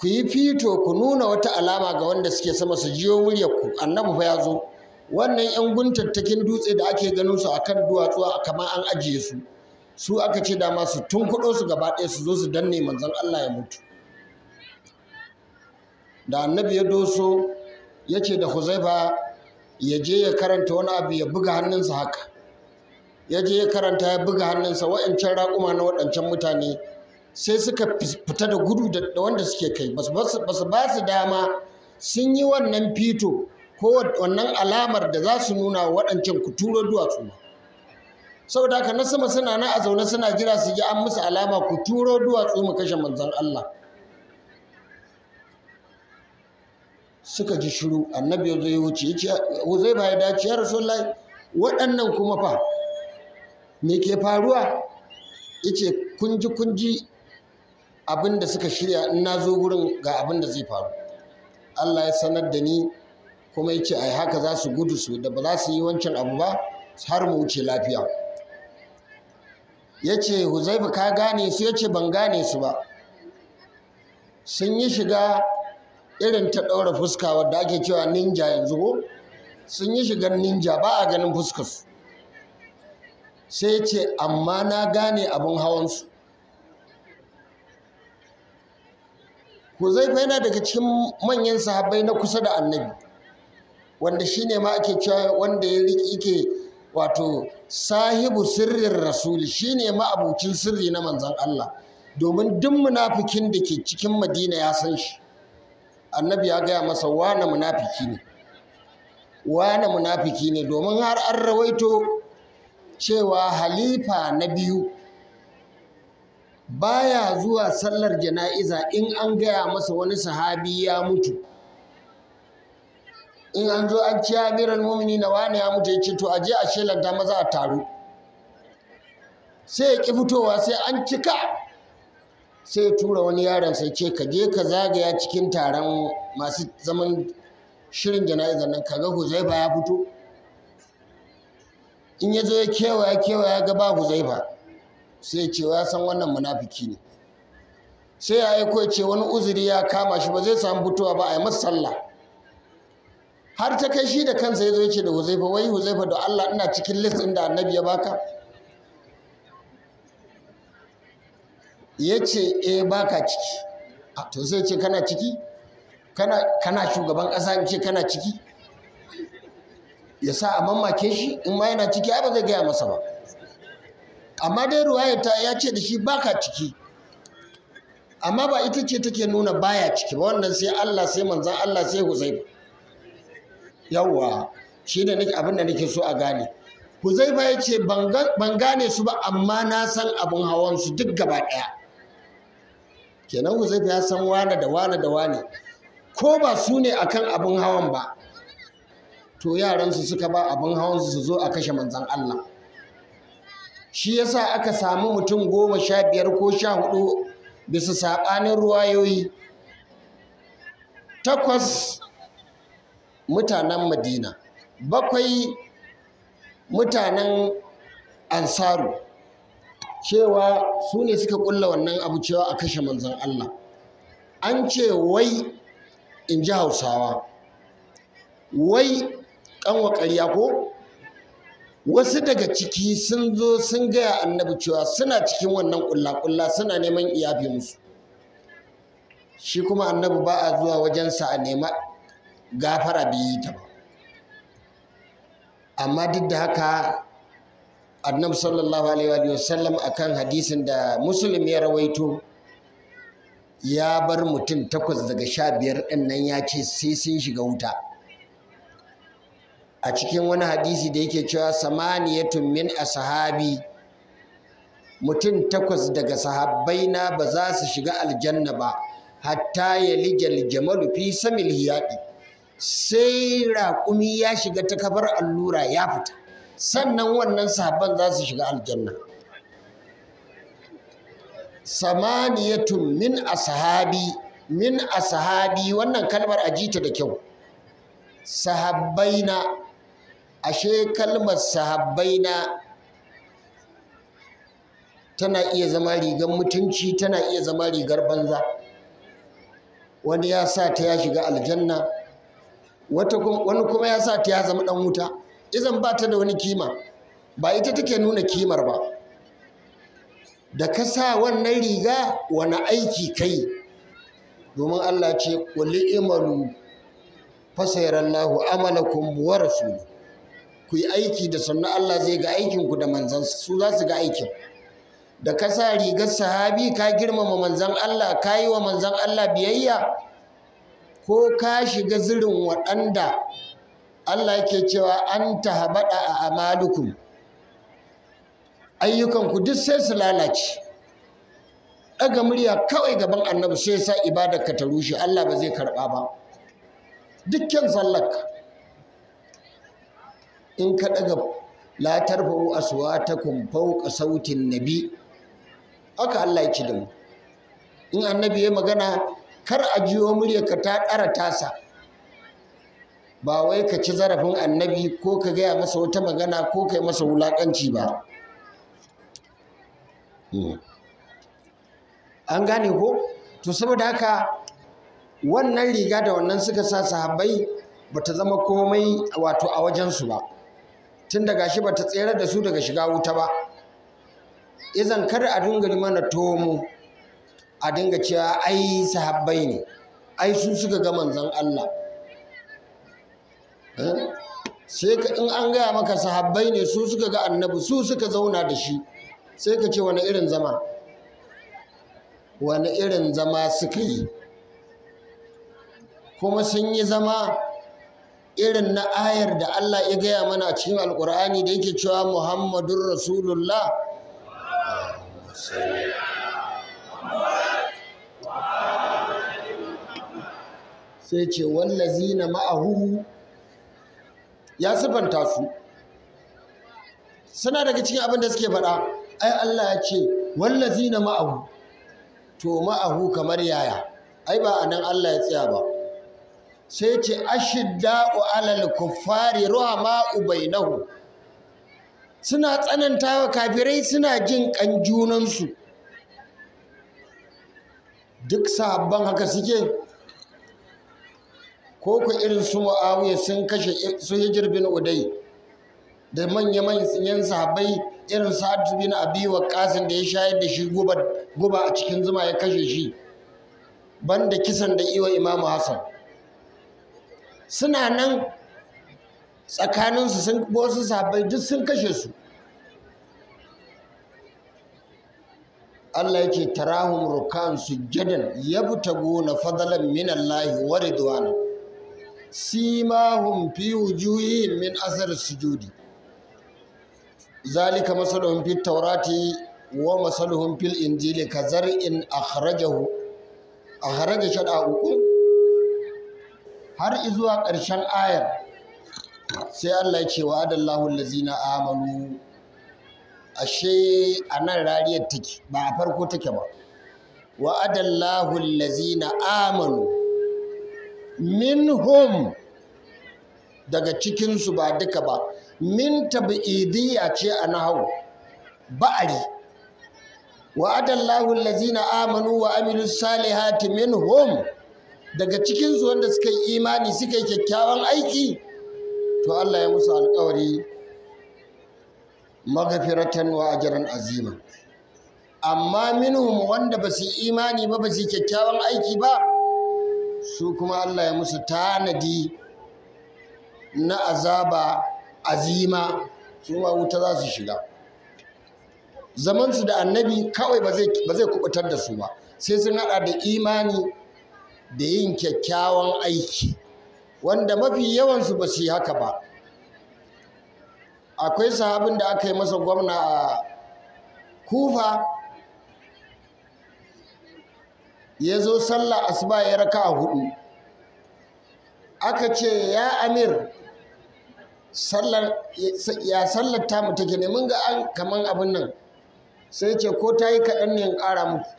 ku yi fito ku nuna wata alama ga wanda suke sama su jiyo muryarku annabi fa ya zo wannan yan guntattakin dutse da ake ganin su akan duwatsu a kamar an ajiye su su aka ce dama su tunkuɗo su gaba ɗaya su zo su danne manzon Allah ya mutu da annabi ya doso ya ce da Huzaifa ya je ya karanta wani abu ya buga hannunsa haka ya je ya karanta ya buga hannunsa wa'ancan raƙuma na waɗancan mutane sai suka fita da gudu da wanda suke kai ba su ba su dama sun yi wannan fito ko wannan alamar da za su nuna waɗancan kuturo duwatsu ba saboda haka na sama suna na a zaune suna jira su yi an musu alama ku turo duwatsu mu kashe manzon Allah suka ji shiru annabi ya zo ya wuce ya ce ya dace ya waɗannan kuma fa me ke faruwa yace kunji kunji abin da suka shirya in na zo gurin ga abin da zai faru Allah ya sanar da ni kuma yace ai haka za su gudu su da ba za su yi wancan abu ba har mu wuce lafiya yace Huzaifa ka gane su yace ban gane su ba sun yi shiga irin ta ɗaura fuska wadda ake cewa ninja yanzu ko sun yi shigar ninja ba a ganin fuskarsu sai ce amma na gane abin hawansu zai yana daga cikin manyan sahabai na kusa da annabi wanda shine ma ake cewa wanda ya rike wato sahibu sirrin rasuli shine ma abucin sirri na manzon Allah domin duk munafikin da ke cikin Madina ya san shi annabi ya gaya masa wane munafiki ne wane munafiki ne domin har an rawaito cewa halifa na biyu baya zuwa sallar jana'iza in an gaya masa wani sahabi ya mutu in an zo an ciya biran mumini na wani ya mutu ya ce to aje a shelanta maza a taru sai ya ƙi fitowa sai an cika sai tura wani yaron sai ce ka je ka zagaya cikin taron masu zaman shirin jana'izar nan kaga ba ya fito in ya zo ya kewaya kewaya ga ba huzaifa sai ya ce san wannan munafiki ne sai ya aiko ya ce wani uzuri ya kama shi ba zai samu fitowa ba a yi masa sallah har ta kai shi da kansa ya zo ya ce da huzaifa wai huzaifa da Allah ina cikin list ɗin da annabi ya baka ya ce e eh, baka ciki to sai ce kana ciki kana shugaban ƙasa in ce kana ciki ya sa a mamake shi in ma yana ciki ai ba zai gaya masa ba amma dai ruwaya ta ya ce da shi baka ciki amma ba ita ce take nuna baya ciki ba wannan sai Allah sai manzan Allah sai Huzaifa yawwa shi ne nake abin da nake so a gane Huzaifa ya ce ban gane su ba amma na san abin hawan su duk gaba ɗaya kenan Huzaifa ya san wane da wane da wane ko ba su ne akan abin hawan ba to yaransu suka ba abin hawan su zo a kashe manzan Allah shi yasa aka samu mutum goma sha biyar ko sha hudu bisa saɓanin ruwayoyi takwas mutanen madina bakwai mutanen ansaru cewa su ne suka kulla wannan abu cewa a kashe manzan Allah an ce wai in ji hausawa wai kanwa ƙarya ko wasu daga ciki sun zo sun gaya annabi cewa suna cikin wannan ƙulla kulla suna neman iyafi musu shi kuma annabi ba a zuwa wajensa a nema gafara yi ta ba amma duk da haka annabi sallallahu alaihi wa sallam akan hadisin da musulmi ya rawaito ya bar mutum takwas daga sha biyar ɗin nan ya ce sai sun shiga wuta a cikin wani hadisi da yake cewa samaniyatun min ashabi mutum takwas daga sahabbai na ba za su shiga aljanna ba hatta yalijal jamalu fi samil hiyadi sai raƙumi ya shiga ta kafar allura ya fita sannan wannan sahabban za su shiga aljanna samaniyatun min ashabi min ashabi wannan kalmar ajita da kyau sahabbaina ashe kalmar na tana iya zama rigar mutunci tana iya zama rigar banza wani ya sa ta ya shiga aljanna wani kuma ya sa ta ya zama dan wuta izan ba ta da wani kima ba ita take nuna kimar ba da ka sa wannan riga wani aiki kai domin Allah ce kulli imalu fasayarallahu amalakum wa rasuluhu ku yi aiki da sannu Allah zai ga aikinku da manzansa su za su ga aikin da ka sa rigar sahabi ka girmama manzan Allah ka yi wa manzan Allah biyayya ko ka shiga zirin waɗanda Allah ke cewa an ta habaɗa a amalukum ayyukanku duk sai su lalace ɗaga murya kawai gaban annabi sai sa ibadar ka ta rushe Allah ba zai karɓa ba dukkan sallarka in ka daga la tarfa'u aswatakum fawqa sautin nabi aka Allah ya da mu in annabi ya magana kar a jiyo muryarka ta ɗara tasa ba wai ka ci zarafin annabi ko ka gaya masa wata magana ko ka yi masa wulaƙanci ba hmm. an gane ko to saboda haka wannan riga da wannan suka sa sahabbai ba ta zama komai wato a wajensu ba tun da gashi ba ta tserar da su daga shiga wuta ba izan kar a dinga mana tomo, a dinga cewa ai sahabbai ne ai su suka ga manzon Allah eh? sai ka in an gaya maka sahabbai ne su suka ga annabi su suka zauna da shi sai ka ce wani irin zama wani irin zama suka yi kuma sun yi zama irin na ayar da Allah ya gaya mana cikin alkur'ani da yake cewa muhammadun rasulullah sai ce wallazi na ma'ahu ya sifanta su suna daga cikin abin da suke faɗa ai Allah ya ce wallazi na ma'ahu to ma'ahu kamar yaya ai ba a nan Allah ya tsaya ba sai ce ashidda'u alal kuffari ruhama'u ubainahu. suna tsanantawa kafirai suna jin kan junansu duk sabon haka suke ko ku irin su mu'awiyya sun kashe su hijir bin udai da manya-manyan sahabbai irin sa'ad bin abi kasin da ya sha da shi guba a cikin zuma ya kashe shi banda kisan da iwa imamu hassan suna nan tsakaninsu sun wasu sabai duk sun kashe su Allah yake tarahum rukan su sujjadan yabtaguna fadalan min Allah wa ridwan simahum fi wujuhihim min asar sujudi zalika masaluhum fi tawrati wa masaluhum fil injili in akhrajahu akhraja shad'a'u har izuwa ƙarshen ayar sai Allah ya ce wa adallahu lazina amanu ashe a nan rariyar take ba a farko take ba wa adallahu allazina amanu minhum daga cikinsu ba duka ba min tabi'idiyya ce a nahawu ba'ari wa adallahu lazina amanu wa amilus salihati minhum daga cikinsu wanda suka yi imani suka yi kyakkyawan aiki to Allah ya musu alƙawari maghfiratan wa ajran azima amma minhum wanda ba su imani ba ba su kyakkyawan aiki ba su kuma Allah ya musu tanadi na azaba azima su ma wuta za su shiga zamansu da annabi kawai ba zai kubutar da su ba sai sun haɗa da imani da yin kyakkyawan aiki wanda mafi yawansu ba su yi haka ba akwai sahabin da aka yi masa gwamna a kufa ya zo sallah asuba ya raka a hudu aka ce ya amir ya sallata mu take ne mun ga an kaman abin nan sai ce ko ta yi kaɗan ne ƙara muku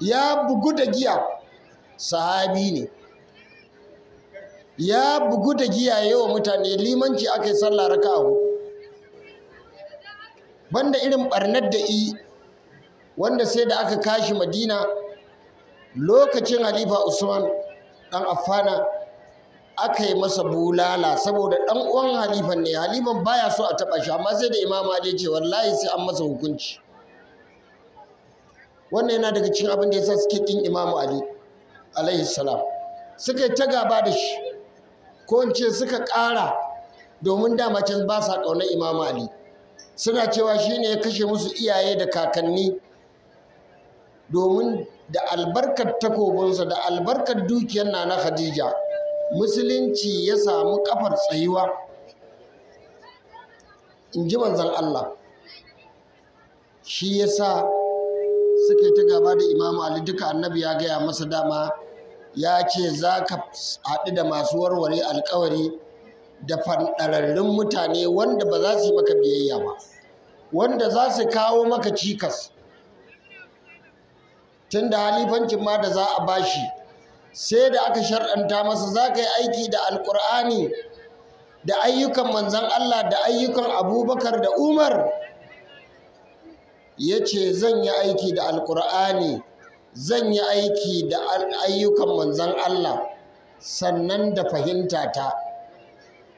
ya bugu da giya sahabi ne ya bugu da giyaye wa mutane limanci aka yi sallah raka banda irin barnar da i wanda sai da aka kashi madina lokacin halifa usman dan affana aka yi masa bulala saboda dan uwan halifan ne halifan baya so a taba shi amma sai da imam ali ya ce wallahi sai an masa hukunci wannan yana daga cikin abin da yasa suke kin imam ali alaihi salam suka yi ta gaba da shi ko in ce suka ƙara domin dama can ba sa ƙaunar imam ali suna cewa shi ne ya kashe musu iyaye da kakanni domin da albarkar takobinsa da albarkar dukiyar nana khadija musulunci ya samu kafar tsayuwa in ji manzan allah shi ya sa suke ta gaba da imamu ali duka annabi ya gaya masa dama ya ce za ka haɗu da masu warware alkawari da fanɗararrun mutane wanda ba za su yi maka biyayya ba wanda za su kawo maka cikas tun da halifancin ma da za a bashi sai da aka shar'anta masa za ka yi aiki da alkur'ani da ayyukan manzan Allah da ayyukan abubakar da umar ya ce zan yi aiki da alkur'ani zan yi aiki da ayyukan manzan Allah sannan da fahimta ta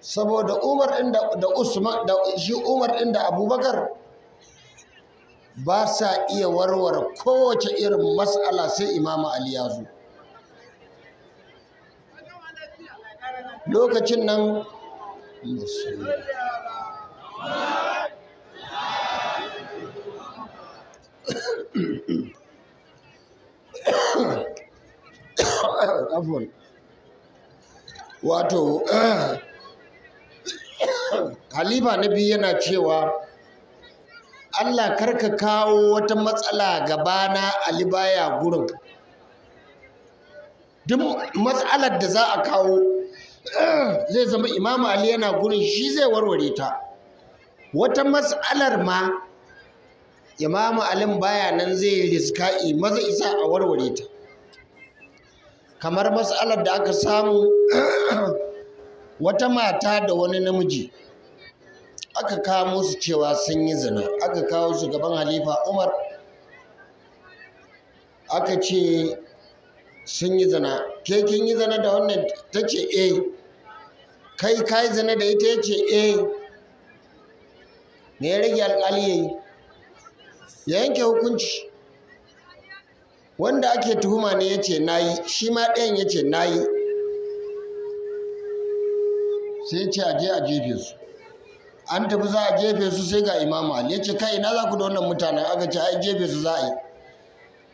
saboda umar inda da usman da shi umar inda abubakar ba sa iya warware kowace irin matsala sai imamu ali ya zo lokacin nan afon wato halifa na biyu yana cewa allah karka kawo wata matsala gabana ali baya gurin duk matsalar da za a kawo zai zama imamu ali yana gurin shi zai warware ta wata matsalar ma imamu alim baya nan zai riska'i maza isa a warware ta kamar matsalar da aka samu (clears throat) wata mata da wani namiji aka kawo su cewa sun yi zina aka kawo su gaban halifa umar aka ce sun yi zina ke kin yi zina da wannan ta ce eh kai ka yi zina da ita ya ce eh me ya rage alƙali ya yi ya yanke hukunci wanda ake tuhuma ne ya ce na yi shi ma ɗayan ya ce na yi sai ce a je a jefe su an tafi za a jefe su sai ga imamu ali ya ce kai ina za ku da wannan mutanen aka ce ai jefe su za a yi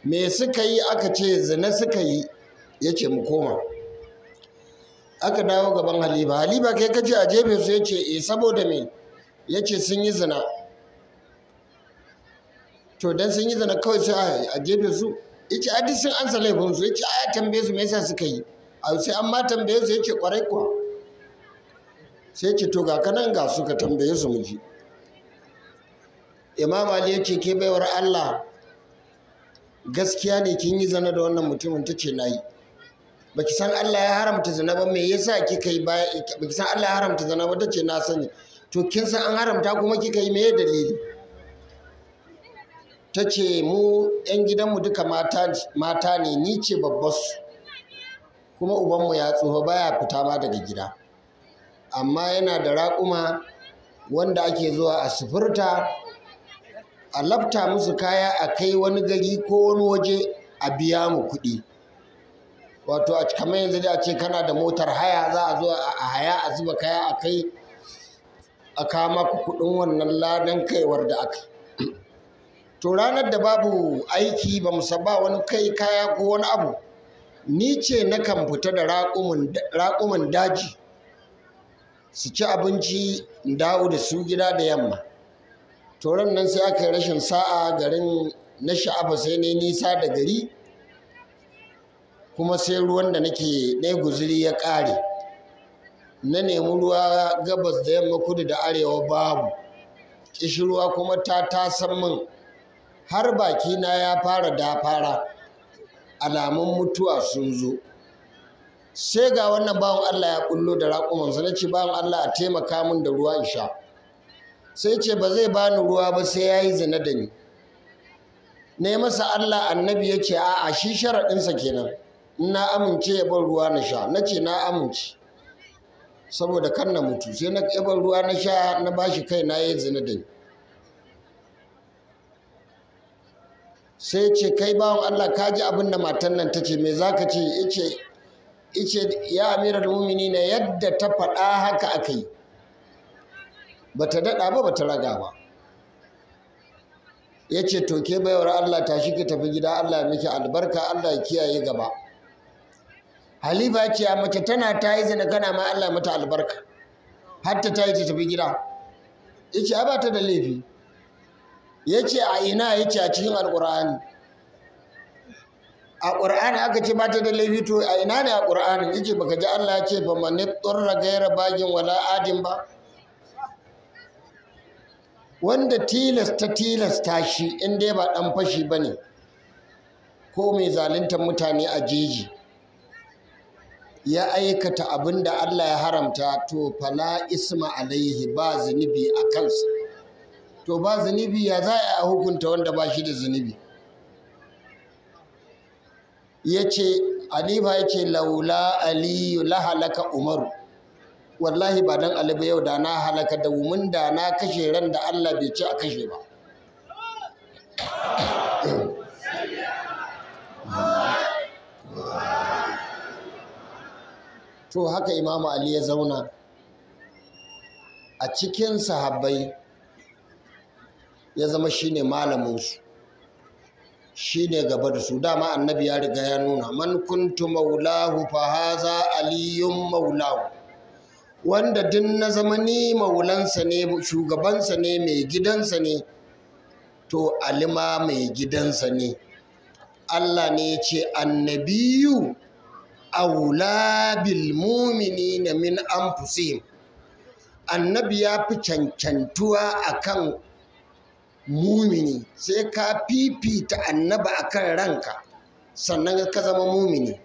me suka yi aka ce zina suka yi ya ce mu koma aka dawo gaban haliba haliba kai kace a jefe su ya ce eh, saboda me ya ce sun yi zina to dan sun yi zana kawai sai a jefe su yace ai duk sun ansa laifin su yace ai tambaye su me yasa suka yi a sai an ma tambaye su yace kwarai kuwa sai ce to ga kanan ga suka ka tambaye su muji imam ali yace ke baiwar Allah gaskiya ne kin yi zana da wannan mutumin ta na nayi baki san Allah ya haramta zana ba me yasa kika yi baya baki san Allah ya haramta zana ba ce na sani to kin san an haramta kuma kika yi me dalili ta ce mu 'yan gidanmu duka mata ne ni ce su kuma ubanmu ya tsufa baya fita ma daga gida amma yana da raƙuma wanda ake zuwa a sufurta a lafta musu kaya a kai wani gari ko wani waje a biya mu kuɗi wato a kamar yanzu da ce kana da motar haya za a zo a haya a zuba kaya a kai a kama ku kuɗin wannan ladan kaiwar da aka to ranar da babu aiki ba mu wani kai kaya ko wani abu ni ce na kan fita da raƙumin daji su ci abinci dawo da su gida da yamma to nan sai aka rashin sa'a garin na sha'aba sai ne nisa da gari kuma sai ruwan da nake ɗaya guzuri ya ƙare na nemi ruwa gabas da yamma kudu da arewa babu ƙishirwa kuma ta tasan min har bakina ya fara dafara alamun mutuwa sun zo sai ga wannan bawan Allah ya kullo da raƙumansa na ce bawan Allah a taimaka min da ruwa in sha sai ce ba zai bani ruwa ba sai ya yi zina da ni ne masa Allah annabi yake ce a'a shi sharaɗinsa kenan na amince ya bar ruwa na sha na ce na amince saboda kan na mutu sai na ya ruwa na sha na bashi kai na yi zina da ni sai ce kai bawan Allah ka ji abin da matan nan ta ce me za ka ce ice ice ya amiral na yadda ta faɗa haka aka yi ba ta daɗa ba ba ta raga ba ya ce toke baiwar Allah tashi ka tafi gida Allah ya miki albarka Allah ya kiyaye gaba Halifa ce a mace tana ta yi zina kana ma Allah mata albarka har ta ta yi ta tafi gida ya ce a ba ta da laifi ya ce a ina ya ce a cikin alƙur'ani a ƙur'ani aka ce ba da laifi to a ina ne a ƙur'ani ya ce baka ji Allah ya ce ba mani tsorra gaira bagin wala adin ba wanda tilasta tilasta shi in dai ba ɗan fashi ba ne ko mai zaluntar mutane a jeji ya aikata abin da Allah ya haramta to fala isma alaihi ba zunubi a kansa to ba zunubi ya za a hukunta wanda ba shi da zunubi ya ce alifa ya ce laula aliyu la halaka umaru wallahi ba dan alibu yau da na halaka da wumin da na kashe ran da allah bai ci a kashe ba to haka imamu ali ya zauna a cikin sahabbai ya zama shine malaminsu shine gaba da su dama annabi ya riga ya nuna man kuntu maulahu fa haza aliyun maulahu wanda duk na zama ni maulansa ne shugabansa ne mai gidansa ne to alima mai gidansa ne Allah ne ce annabiyu aula bil na min anfusihim annabi ya fi cancantuwa akan mumini sai ka fifita annaba kan ranka sannan ka zama mumini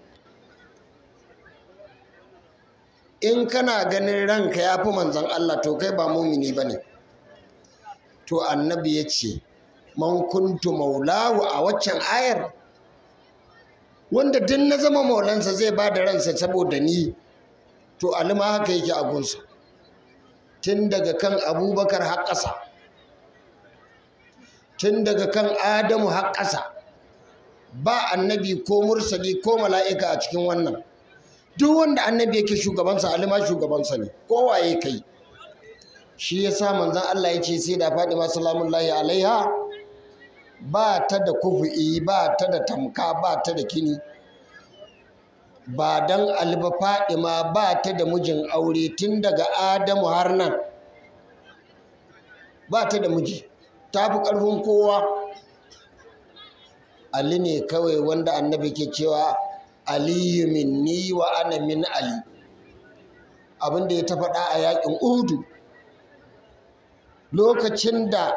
in kana ganin ranka ya fi manzan Allah to kai ba mumini ba ne to annabi ya ce man kuntu Maulawu a waccan ayar wanda duk na zama maulansa zai ba da ransa saboda ni to alima haka yake a gunsa tun daga kan abubakar har ƙasa tun daga kan adamu har ƙasa ba annabi ko mursali ko mala'ika a cikin wannan duk wanda annabi yake shugabansa alima shugabansa ne ya kai shi ya sa manzan Allah ya ce sai da faɗi Fadima a alaiha ba ta da kufu'i ba ta da tamka ba ta da kini ba don alba ma ba ta da mijin aure tun daga Adamu har nan ba ta da miji ta fi ƙarfin kowa ali ne kawai wanda annabi ke cewa aliyu minni wa ana min ali abinda ya ta faɗa a yaƙin Udu. lokacin da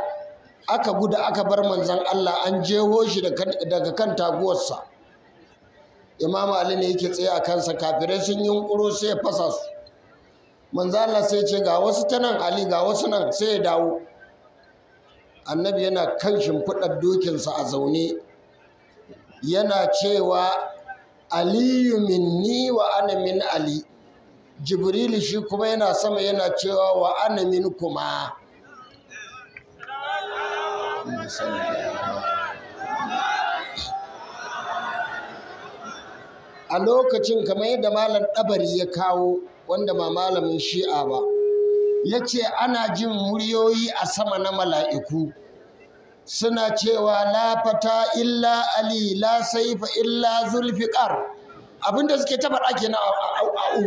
aka guda aka bar manzan Allah an jeho shi daga kan taguwarsa imamu ali ne yake tsaye a kansa kafirai sun yi hunkuro sai ya fasa su manzan Allah sai ce ga wasu ta nan ali ga wasu nan sai ya dawo annabi yana kan shimfiɗar dokinsa a zaune yana cewa aliyu minni wa ana min ali jibrilu shi kuma yana sama yana cewa wa ana min kuma a lokacin kamar yadda malam ɗabari ya kawo wanda ma malamin shi'a ba ya ce ana jin muryoyi a sama na mala'iku suna cewa la fata illa ali la saifa illa zulfiƙar abinda suke taba faɗa na a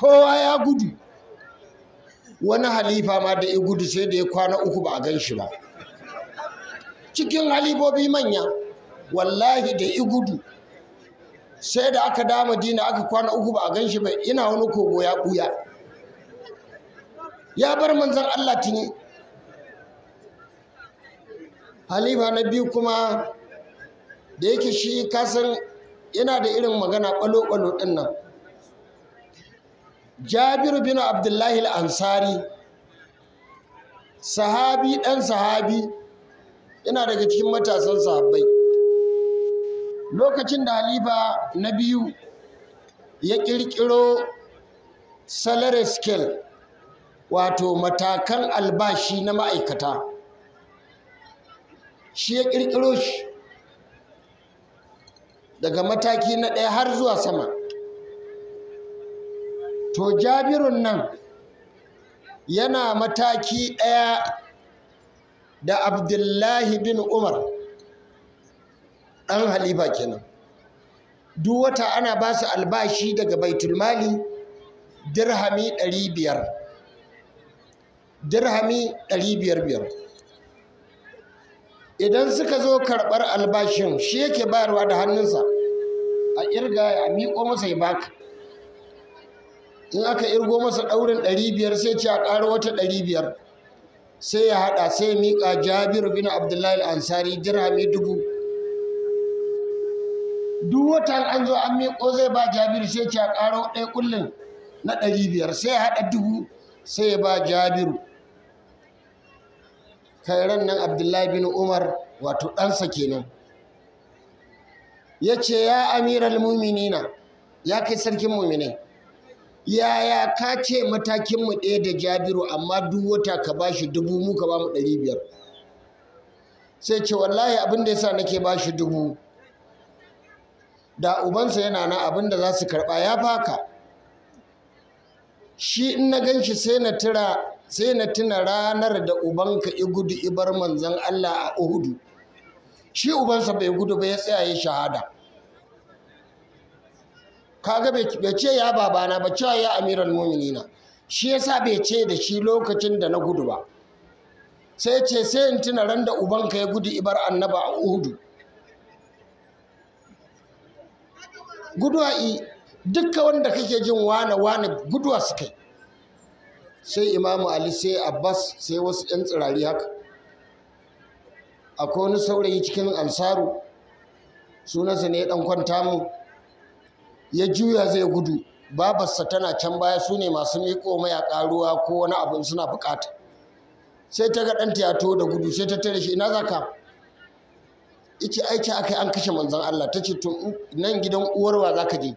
kowa ya gudu wani halifa ma da ya gudu sai da ya kwana uku ba a gan shi ba cikin halifobi manya wallahi da ya gudu sai da aka dama dina aka kwana uku ba a gan shi ba ina wani kogo ya ɓuya ya bar manzon Allah tuni halifa na biyu kuma da yake shi kasan yana da irin magana ɓalo-ɓalo ɗin nan jabiru bin abdullahi al’ansari ansari sahabi ɗan sahabi yana daga cikin matasan sahabbai lokacin da halifa na biyu ya ƙirƙiro salary scale wato matakan albashi na ma'aikata shi ya ƙirƙiro shi daga mataki na ɗaya har zuwa sama to jabirun nan yana mataki ɗaya da abdullahi bin umar ɗan halifa kenan duk wata ana ba su albashi daga baitulmali dirhami ɗari biyar dirhami ɗari biyar biyar idan suka zo karɓar albashin shi yake bayarwa da hannunsa a irga a miƙo masa ya baka in aka irgo masa ɗaurin ɗari biyar sai ce a ƙara wata ɗari biyar sai ya haɗa sai ya miƙa jabiru bin abdullahi ansari dirhami dubu duk wata an zo an miƙo zai ba jabiru sai ce a ƙara ɗaya kullum na ɗari biyar sai ya haɗa dubu sai ya ba jabiru kai ran nan abdullahi bin umar wato ɗansa kenan ya ce ya amiral muminina ya kai sarkin muminai yaya ka ce matakinmu ɗaya da jabiru amma duk wata ka ba shi dubu mu ka ba mu ɗari biyar sai ce wallahi abin da ya sa nake ba shi dubu da ubansa yana na abin da za su karɓa ya faka shi in na gan shi sai na tira sai na tuna ranar da ubanka ya gudu ibar manzan Allah a Uhudu shi ubansa bai gudu ba ya tsaya ya shahada kaga bai ce ya babana ba cewa ya amiral na, shi yasa bai ce da shi lokacin da na gudu ba sai ce sai in tuna ran da ubanka ya gudu ibar annaba a Uhudu guduwa i dukkan wanda kake jin wane wane guduwa su kai sai imamu ali sai abbas sai wasu yan tsirari haka akwai wani saurayi cikin ansaru sunansa ne ɗan kwanta mu ya juya zai gudu babarsa tana can baya su ne masu miƙo mayaƙa ƙaruwa ko wani abu suna buƙata sai ta ga ɗanta ya da gudu sai ta tare shi ina za ka ice aiki aka yi an kashe manzan Allah ta ce to nan gidan uwarwa za ka je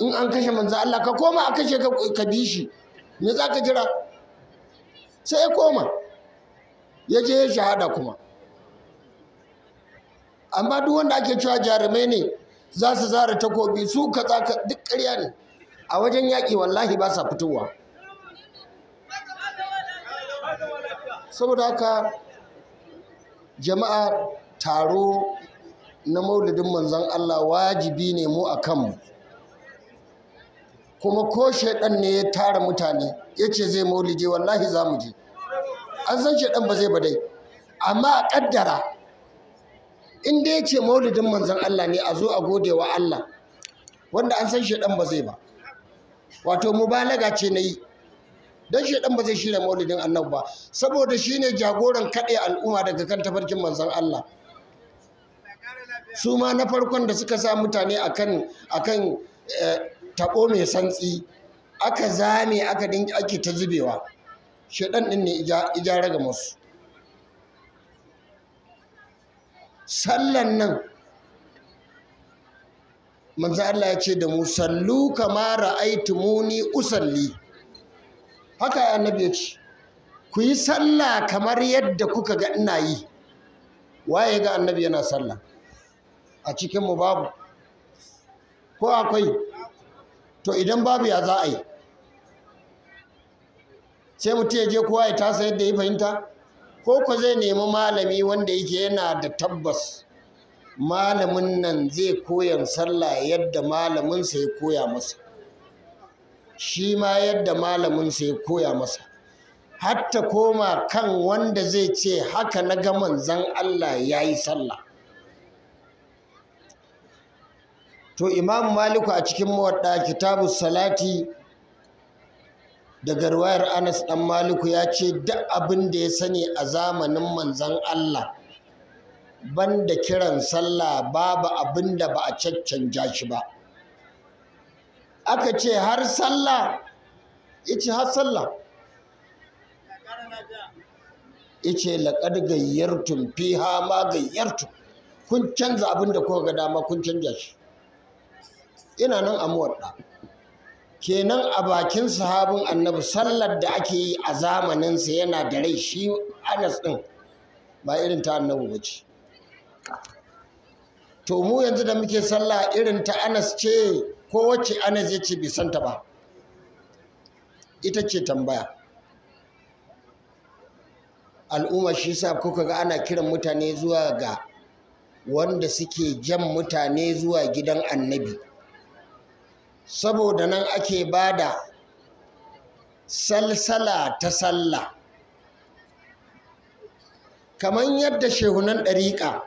in an kashe manzo Allah ka koma a kashe ka ka bi shi me za ka jira sai ya koma ya je shahada kuma amma duk wanda ake cewa jarumai ne za su zara takobi su ka tsaka duk ƙarya ne a wajen yaƙi wallahi ba sa fitowa saboda haka jama'a taro na maulidin manzon Allah wajibi ne mu a kanmu kuma ko shaidan ne ya tara mutane ya ce zai maulije wallahi za mu je an san shaidan ba zai ba dai amma a kaddara in dai ya ce maulidin manzan Allah ne a zo a gode wa Allah wanda an san shaidan ba zai ba wato mubalaga ce na yi don shaidan ba zai shirya maulidin annabi ba saboda shi ne jagoran kaɗe al'umma daga kan tafarkin manzan Allah su ma na farkon da suka sa mutane akan akan eh, taɓo mai santsi aka zame aka dinki ake ta zubewa shaɗan ɗin ne ijara ga musu sallan nan manzo Allah ya ce da mu sallu kama muni usalli haka annabi ya ce ku yi sallah kamar yadda kuka ga ina yi waye ga annabi yana sallah a cikin mu babu ko akwai to idan babu ya za a yi sai mutum ya je kowa ya tasa yadda ya fahimta ko ku zai nemi malami wanda yake yana da tabbas malamin nan zai koyan sallah yadda malaminsa ya koya masa shi ma yadda malaminsa ya koya masa hatta koma kan wanda zai ce haka na ga zan Allah ya yi sallah to imam maliku a cikin mawadda kitabu salati daga ruwayar anas dan maliku ya ce duk abin da ya sani a zamanin Manzan allah banda kiran sallah babu abin da ba a caccanja shi ba aka ce har sallah ice har sallah ice laƙar gayyartun fiha ma gayyartun kun canza abin da kuka ga dama kun canja shi ina nan amuwar, kenan a bakin sahabin annabi sallar da ake yi a zamaninsa yana da rai shi anas ɗin ba irin ta annabi ba ce to mu yanzu da muke sallah irin ta anas ce ko wacce anas ya ce bai santa ba ita ce tambaya al'umma shi sa kuka ga ana kiran mutane zuwa ga wanda suke jan mutane zuwa gidan annabi saboda nan ake ba da salsala ta sallah kamar yadda shehunan ɗariƙa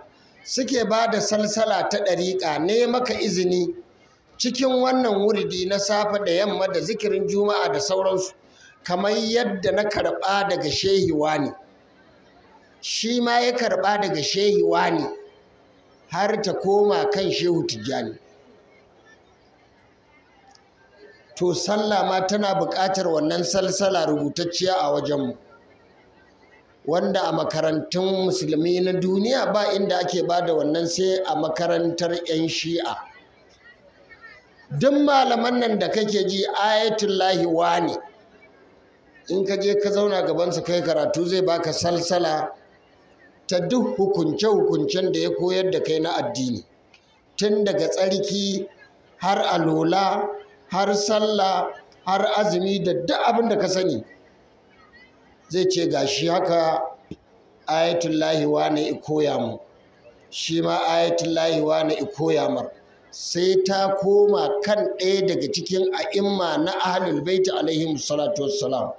suke ba da salsala ta ɗariƙa ne maka izini cikin wannan wuridi na safe da yamma da zikirin juma'a da sauransu kamar yadda na karɓa daga shehiwa ne shi ma ya karɓa daga shehiwa ne har ta koma kan shehu tijjani to sallah ma tana buƙatar wannan salsala rubutacciya a wajenmu wanda a makarantun musulmi na duniya ba inda ake ba da wannan sai a makarantar 'yan shi'a duk malaman nan da kake ji ayatullahi ne in ka je ka zauna gabansa kai karatu zai baka salsala ta duk hukunce-hukuncen da ya koyar da kai na addini tun daga tsarki har alola har sallah har azumi da duk abin da ka sani zai ce gashi haka lahi wa na ikoya mu shi ma ayatullahi wa na ikoya mar sai ta koma kan ɗaya daga cikin a'imma na ahlul baiti alaihi salatu wassalam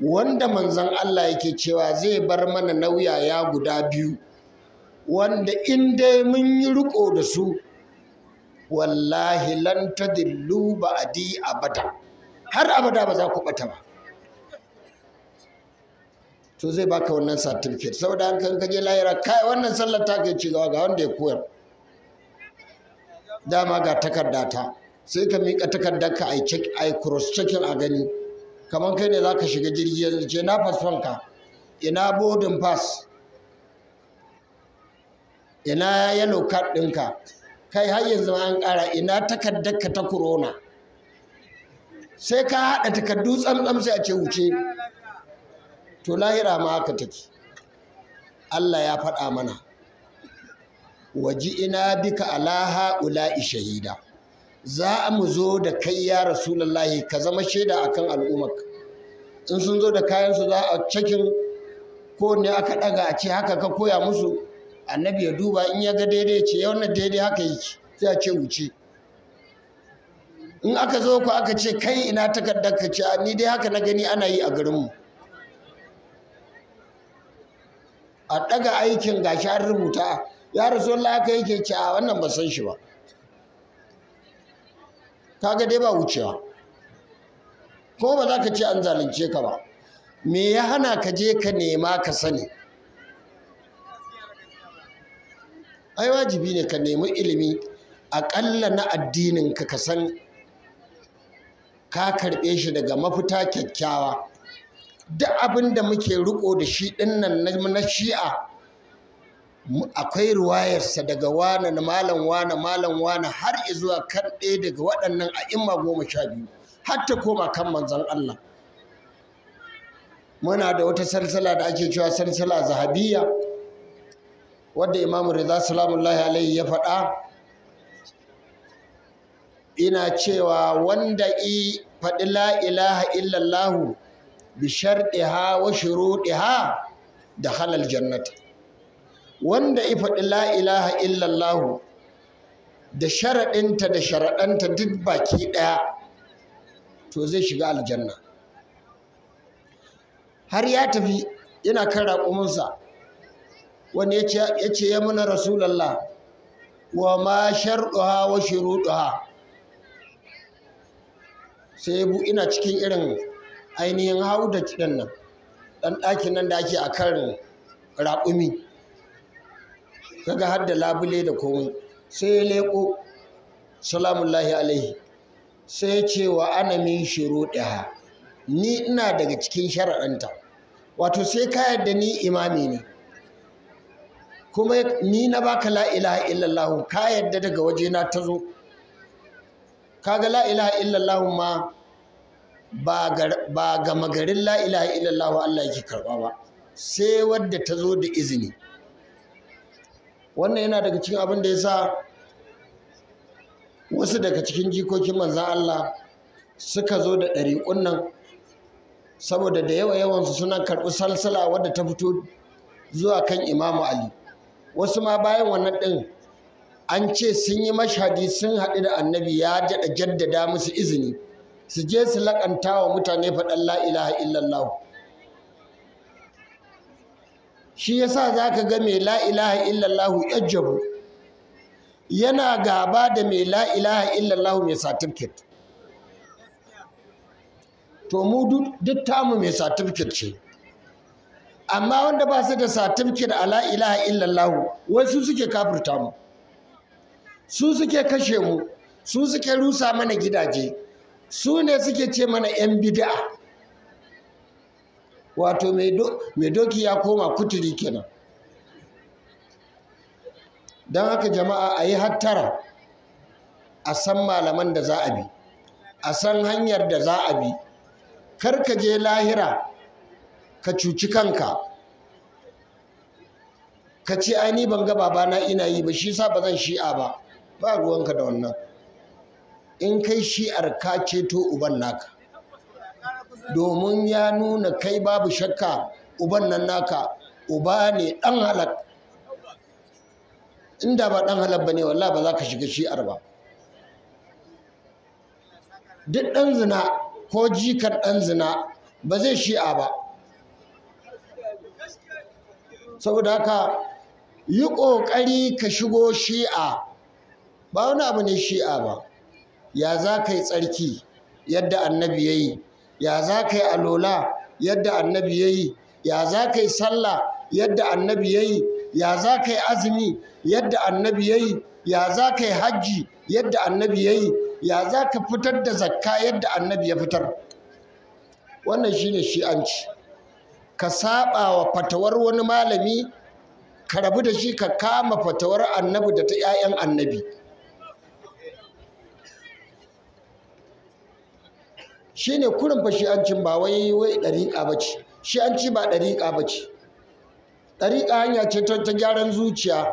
wanda manzon Allah yake cewa zai bar mana nauyaya guda biyu wanda in dai mun yi riko da su wallahi lan tadillu ba'di abada har abada ba za ku bata ba to zai baka wannan certificate saboda an kan kaje lahira kai wannan sallar ta kai ci gaba ga wanda ya koyar dama ga takarda ta sai ka miƙa takardar ka ai check ai cross checking a gani kamar kai ne zaka shiga jirgi yanzu ce na fasfon ka ina boarding pass ina yellow card ɗinka kai har yanzu an ƙara ina takardarka ta corona sai ka haɗa takardu tsamtsam sai a ce wuce to lahira ma haka take Allah ya faɗa mana waji ina bika alaha ula shahida za mu zo da kai ya rasulullahi ka zama shaida akan al'ummar. in sun zo da kayansu za a cikin ko ne aka ɗaga a ce haka ka koya musu annabi ya duba in ya ga daidai ce ya wannan daidai haka yake sai a ce wuce in aka zo ku aka ce kai ina takardar ka ce ni dai haka na gani ana yi a garinmu a ɗaga aikin gashi an rubuta ya rasu Allah haka yake ce a wannan ba san shi ba kaga dai ba wucewa ko ba za ka ce an zalunce ka ba me ya hana ka je ka nema ka sani ai wajibi ne ka nemi ilimi aƙalla na addinin ka ka san ka karɓe shi daga mafita kyakkyawa duk abin da muke riko da shi ɗinnan na shi'a akwai ruwayarsa daga wane na malam wane malam wane har zuwa kan ɗaya daga waɗannan a imma goma sha biyu har ta koma kan manzon Allah muna da wata salsala da ake cewa salsala zahabiyya wadda imamu rida salamullahi alaihi ya faɗa ina cewa wanda i faɗi la ilaha illallahu bi sharɗiha wa shuruɗiha da halal jannata wanda i faɗi la ilaha illallahu da sharaɗinta da sharaɗanta duk baki ɗaya to zai shiga aljanna har ya tafi yana kan raƙuminsa wani ya ce ya muna rasulallah wa ma shar'uha wa shuruɗuha sai bu ina cikin irin ainihin hau da cikin nan ɗan ɗakin nan da ake a kan raƙumi kaga har da labule da komai sai ya leƙo salamullahi alaihi sai ya ce wa ana min shuruɗiha ni ina daga cikin shara'anta wato sai ka da ni imami ne kuma ni na baka la ilaha illallah ka yadda daga wajena ta zo kaga la ilaha illallah ma ba gama garin la ilaha illallah Allah yake karba ba sai wadda ta zo da izini wannan yana daga cikin abin da ya sa wasu daga cikin jikokin manzan Allah suka zo da ɗari nan saboda da yawa yawansu suna karɓi salsala wadda ta fito zuwa kan imamu Ali wasu ma bayan wannan ɗin an ce sun yi mashadi sun haɗu da annabi ya jaɗa jaddada musu izini su je su laƙanta wa mutane faɗan la ilaha illallah shi yasa za ka ga mai la ilaha illallah yajjabu yana gaba da mai la ilaha illallah mai satifiket to mu duk tamu mai satifiket ce amma wanda ba su da satimkin ala ilaha illallah wai su suke kafirta mu su suke kashe mu su suke rusa mana gidaje su ne suke ce mana 'yan bid'a wato mai doki ya koma kuturi kenan don haka jama'a a yi hattara a san malaman da za a bi a san hanyar da za a bi kar ka je lahira ka cuci kanka ka ce Aini ban ga babana ina yi ba shi sa ba zan shi'a ba ba ruwanka da wannan in kai shi'ar ka ceto uban naka domin ya nuna kai babu shakka uban nan naka uba ne ɗan halak inda ba ɗan halak ba ne wallah ba za ka shiga shi'ar ba duk ɗan zina ko jikar ɗan zina ba zai shi'a ba saboda haka yi ƙoƙari ka shigo shi'a ba wani abu ne shi'a ba ya za ka yi tsarki yadda annabi ya yi ya za ka yi alola yadda annabi ya yi ya za ka yi sallah yadda annabi ya yi ya za ka yi azumi yadda annabi ya yi ya za ka yi hajji yadda annabi ya yi ya za ka fitar da zakka yadda annabi ya fitar wannan shine shi'anci ka saba wa fatawar wani malami ka rabu da shi ka kama fatawar annabi da ta 'ya'yan annabi shi ne kurin fa cin ba wai wai ɗariƙa ba ce ci ba ɗariƙa ba ce ɗariƙa hanya ce ta gyaran zuciya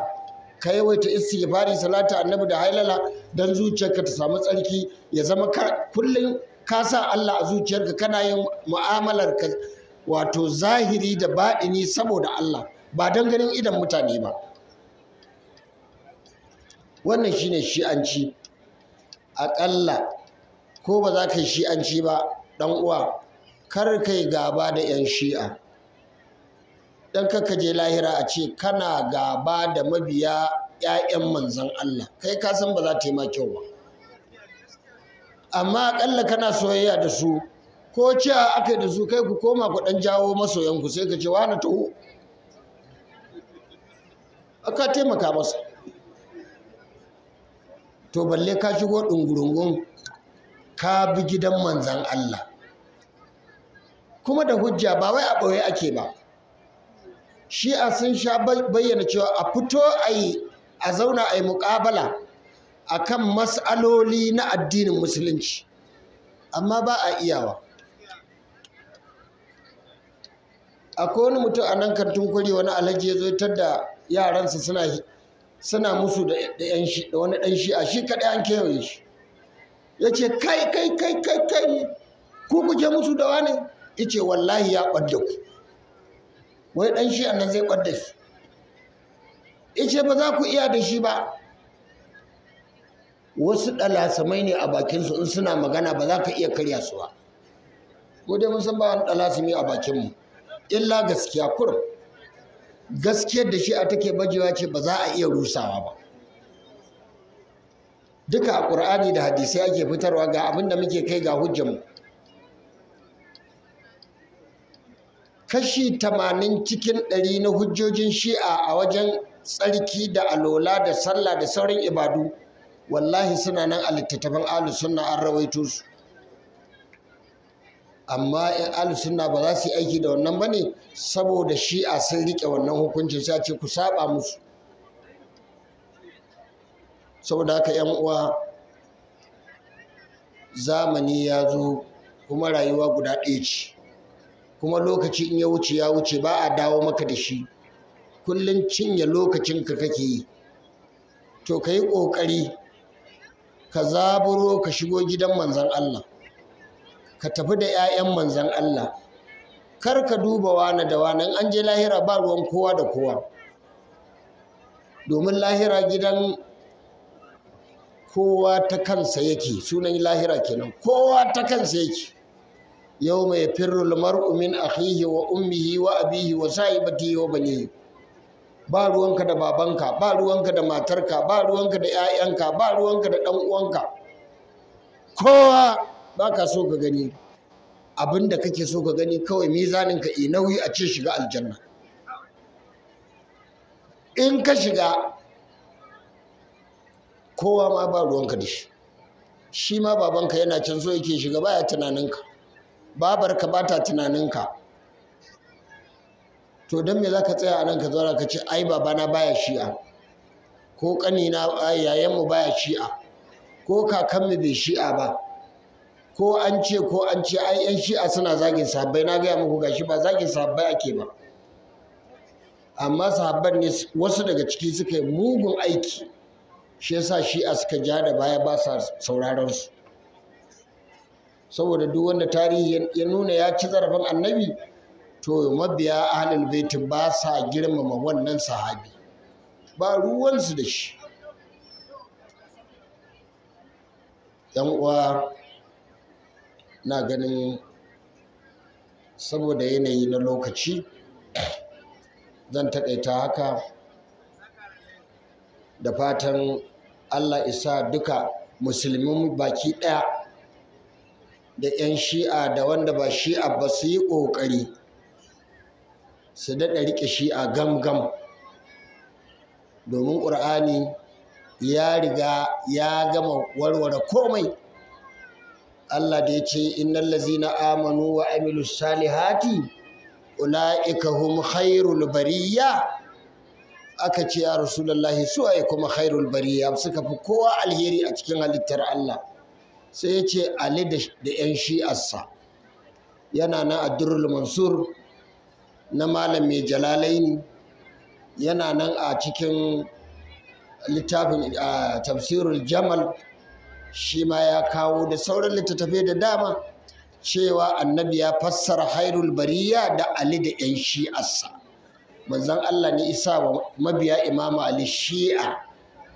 ka yawaita istighfari salata annabi da hailala dan zuciyarka ta samu tsarki ya zama kullum ka sa Allah a zuciyarka kana yin mu'amalar ka wato zahiri da baɗini saboda Allah ba don ganin idan mutane ba wannan shine shi'anci aƙalla ko ba za ka yi shi'anci ba ɗan uwa kar kai gaba da 'yan shi'a ɗan kaka je lahira a ce kana gaba da mabiya 'ya'yan manzan Allah kai ka san ba za ta yi ma kyau ba amma aƙalla kana soyayya da su ko cewa aka da su kai ku koma ku dan jawo masoyanku sai ka ce wani taho aka taimaka masa to balle ka shigo ɗungurungun ka bi gidan manzan Allah kuma da hujja ba wai a ɓoye ake ba shi'a sun sha bayyana cewa a fito a a zauna a yi muƙabala a kan mas'aloli na addinin musulunci amma ba a iyawa akwai wani mutum a nan kantin kwari wani alhaji ya zo da yaransa suna suna musu da wani ɗan a shi kaɗai an kewaye shi ya ce kai kai kai kai kai ku kuke musu da wani ya ce wallahi ya ɓadda ku wai ɗan shi'a nan zai ɓadda shi ya ce ba za ku iya da shi ba wasu ɗalasamai ne a bakinsu in suna magana ba za ka iya karya su ba ko dai mun san ba wani ɗalasami a bakinmu illa gaskiya kurum gaskiyar da shi'a take bajewa ce ba za a iya rusawa ba duka a ƙur'ani da hadisai ake fitarwa ga abin da muke kai ga mu. kashi tamanin cikin ɗari na hujjojin shi'a a wajen tsarki da alola da sallah da sauran ibadu wallahi suna nan a littattafan alu suna an rawaito su amma Ali sunna ba za su yi aiki da wannan bane saboda shi'a sun rike wannan hukuncin sai ce ku saba musu saboda haka yan uwa zamani ya zo kuma rayuwa guda ɗaya ce kuma lokaci in ya wuce ya wuce ba a dawo maka da shi kullum cinye lokacin ka kake yi to ka yi ƙoƙari ka zaburo ka shigo gidan manzan Allah ka tafi da 'ya'yan manzan Allah kar ka duba wani da wani an je lahira ba ruwan kowa da kowa domin lahira gidan kowa ta kansa yake sunan lahira kenan kowa ta kansa yake yau mai firul mar'u min akhihi wa ummihi wa abihi wa sahibatihi wa banihi ba ruwanka da babanka ba ruwanka da matarka ba ruwanka da 'ya'yanka ba ruwanka da ɗan uwanka kowa ba ka so ka gani abin da kake so ka gani kawai mizanin ka nauyi a ce shiga aljanna in ka shiga kowa ma ba ruwanka da shi shi ma babanka yana can so yake shiga baya tunaninka babarka ba ta tunaninka to don me za ka tsaya a nan ka zara ka ce ai babana baya shi'a ko ƙanina yayanmu baya shi'a ko kakanmu bai shi'a ba ko an ce ko an ce ai yan shi'a suna zagin sahabbai na gaya muku gashi ba zagin sahabbai ake ba amma sahabban ne wasu daga ciki suka yi mugun aiki shi yasa shi'a suka ja da baya ba sa sauraron su saboda duk wanda tarihi ya nuna ya ci zarafin annabi to mabiya ahlul baiti ba sa girmama wannan sahabi ba ruwansu da shi yan uwa na ganin saboda yanayi na lokaci zan taƙaita haka da fatan allah isa duka musulmin baki ɗaya da 'yan shi'a da wanda ba shi'a ba su yi ƙoƙari su daɗa riƙe shi'a gam-gam domin ƙur'ani ya riga ya gama warware komai Allah da ya ce innal na amanu wa amilus salihati ulaika hum khairul bariya aka ce ya rasulullahi su ai kuma khairul bariya suka fi kowa alheri a cikin halittar Allah sai ya ce ali da yan shi'arsa yana na addurul mansur na malam mai jalalaini yana nan a cikin littafin tafsirul jamal shi ma ya kawo da sauran littattafai da dama cewa annabi ya fassara hairul bariya da ali da yan shi'arsa manzon Allah ne isa wa mabiya imamu ali shi'a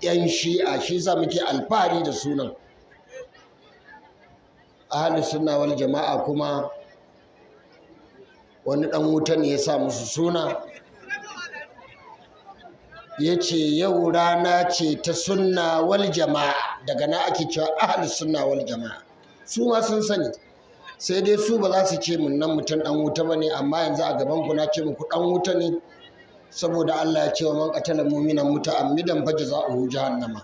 yan shi'a shi sa muke alfahari da sunan ahlus sunna wal jama'a kuma wani dan wuta ne ya sa musu suna ya ce yau rana ce ta sunna wal jama'a daga na ake cewa ahli sunna wal jama'a su ma sun sani sai dai su ba za su ce mun nan mutum dan wuta bane amma yanzu a gaban ku na ce muku dan wuta ne saboda Allah ya ce wa man qatala mu'minan muta'ammidan a jazaohu jahannama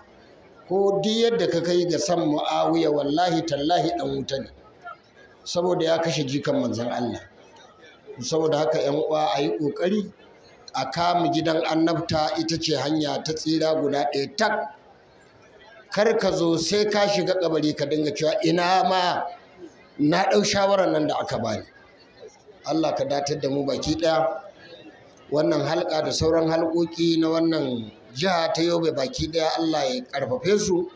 ko duk yadda ka kai ga san mu'awiya wallahi tallahi dan wuta ne saboda ya kashe jikan manzon Allah saboda haka yan uwa ayi kokari a kama gidan annabta ita ce hanya ta tsira guda ɗaya tak kar ka zo sai ka shiga kabari ka dinga cewa ina ma na ɗau shawarar nan da aka bani Allah ka datar da mu baki ɗaya wannan halka da sauran halƙoƙi na wannan jiha ta yobe baki ɗaya Allah ya ƙarfafe su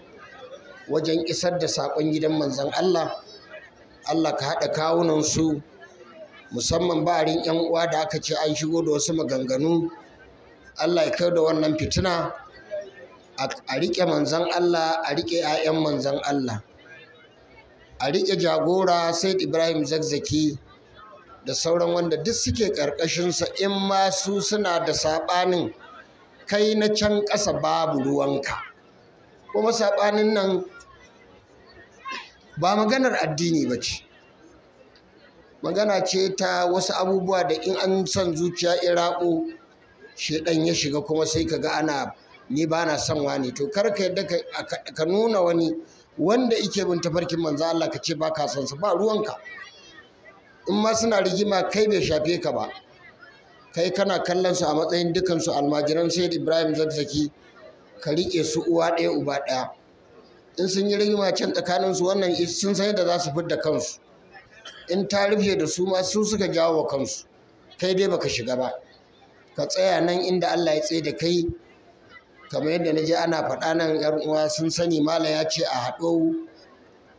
wajen isar da saƙon gidan manzon Allah Allah ka haɗa kawunan su musamman barin 'yan uwa da aka ce an shigo da wasu maganganu Allah ya kai da wannan fitina a riƙe manzan Allah a riƙe 'ya'yan manzan Allah a riƙe jagora sai Ibrahim Zakzaki da sauran wanda duk suke ƙarƙashinsa in ma su suna da saɓanin kai na can ƙasa babu ruwanka kuma saɓanin nan ba maganar addini ba ce magana ce ta wasu abubuwa da in an son zuciya iraƙo shedan ya shiga kuma sai ka ga ana ni ba na son wani to kar ka yadda ka nuna wani wanda ike bin tafarkin manzo Allah ka ce ba ka son su ba ruwanka in ma suna rigima kai bai shafe ka ba kai kana kallon su a matsayin dukan su almajiran sayyid ibrahim zazzaki ka rike su uwa ɗaya uba ɗaya in sun yi rigima can tsakanin su wannan sun san yadda za su fidda kansu in ta rufe da su ma su suka jawo wa kansu kai dai baka shiga ba ka tsaya nan inda Allah ya tsaye da kai kamar yadda na je ana faɗa nan ‘yan uwa sun sani mala ya ce a haɗo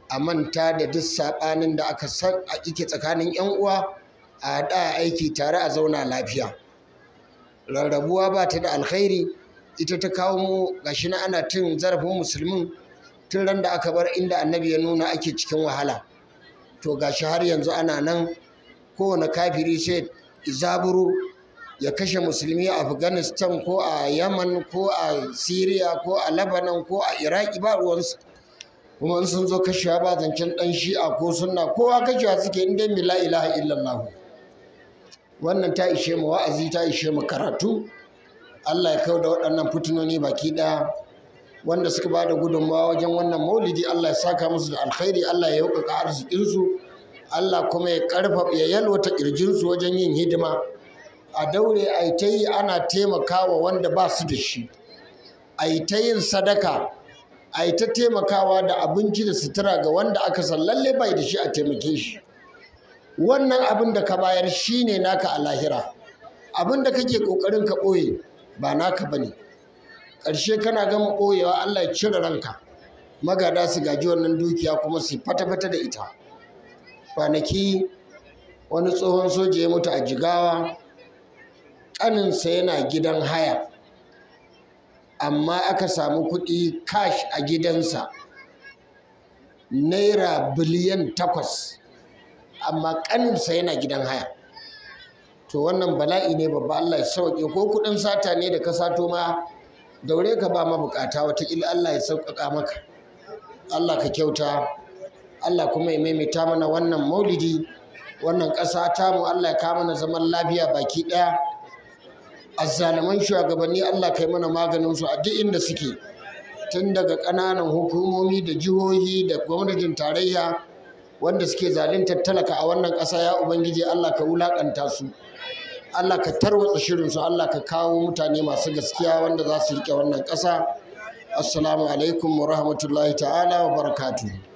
a manta da duk saɓanin da aka san a ike tsakanin ‘yan uwa a haɗa aiki tare a zauna lafiya rarrabuwa ba ta da alkhairi ita ta kawo mu gashi na ana tun zarafin musulmin tun ran da aka bar inda annabi ya nuna ake cikin wahala to gashi har yanzu ana nan kowane kafiri sai zaburu ya kashe musulmi a afghanistan ko a yaman ko a syria ko a lebanon ko a iraki ba ruwansu kuma in sun zo kashewa ba zancen dan shi'a ko sunna kowa kashewa suke inda mi la ilaha illallah wannan ta ishe mu wa'azi ta ishe mu karatu allah ya kawo da waɗannan fitinoni baki ɗaya wanda suka ba da gudunmawa wajen wannan maulidi allah ya saka musu da alkhairi allah ya yaukaka arzikinsu allah kuma ya ƙarfafa ya yalwata ƙirjinsu wajen yin hidima a daure a ta yi ana taimakawa wanda ba su da shi a yi ta yin sadaka a yi ta taimakawa da abinci da sutura ga wanda aka san lalle bai da shi a taimake shi wannan abin da ka bayar shi ne naka a lahira abin da kake ƙoƙarin ka ɓoye ba naka ba ne ƙarshe kana gama ɓoyewa allah ya cire ranka magada su gaji wannan dukiya kuma su fata-fata da ita kwanaki wani tsohon soja ya mutu a jigawa ƙaninsa yana gidan haya amma aka samu kuɗi kash a gidansa naira biliyan takwas amma ƙaninsa yana gidan haya to wannan bala'i ne babba Allah ya sauke ko kuɗin sata ne da ka sato ma daure ka ba mabukata wataƙila Allah ya sauƙaƙa maka Allah ka kyauta Allah kuma ya maimaita mana wannan maulidi wannan ƙasa Mu Allah ya kama mana zaman lafiya baki ɗaya azzaliman shugabanni Allah kai mana maganin su a duk inda suke tun daga ƙananan hukumomi da jihohi da gwamnatin tarayya wanda suke zaluntar talaka a wannan ƙasa ya ubangiji Allah ka wulaƙanta su Allah ka tarwatsa shirin su Allah ka kawo mutane masu gaskiya wanda za su riƙe wannan ƙasa assalamu alaikum wa rahmatullahi ta'ala wa barakatuh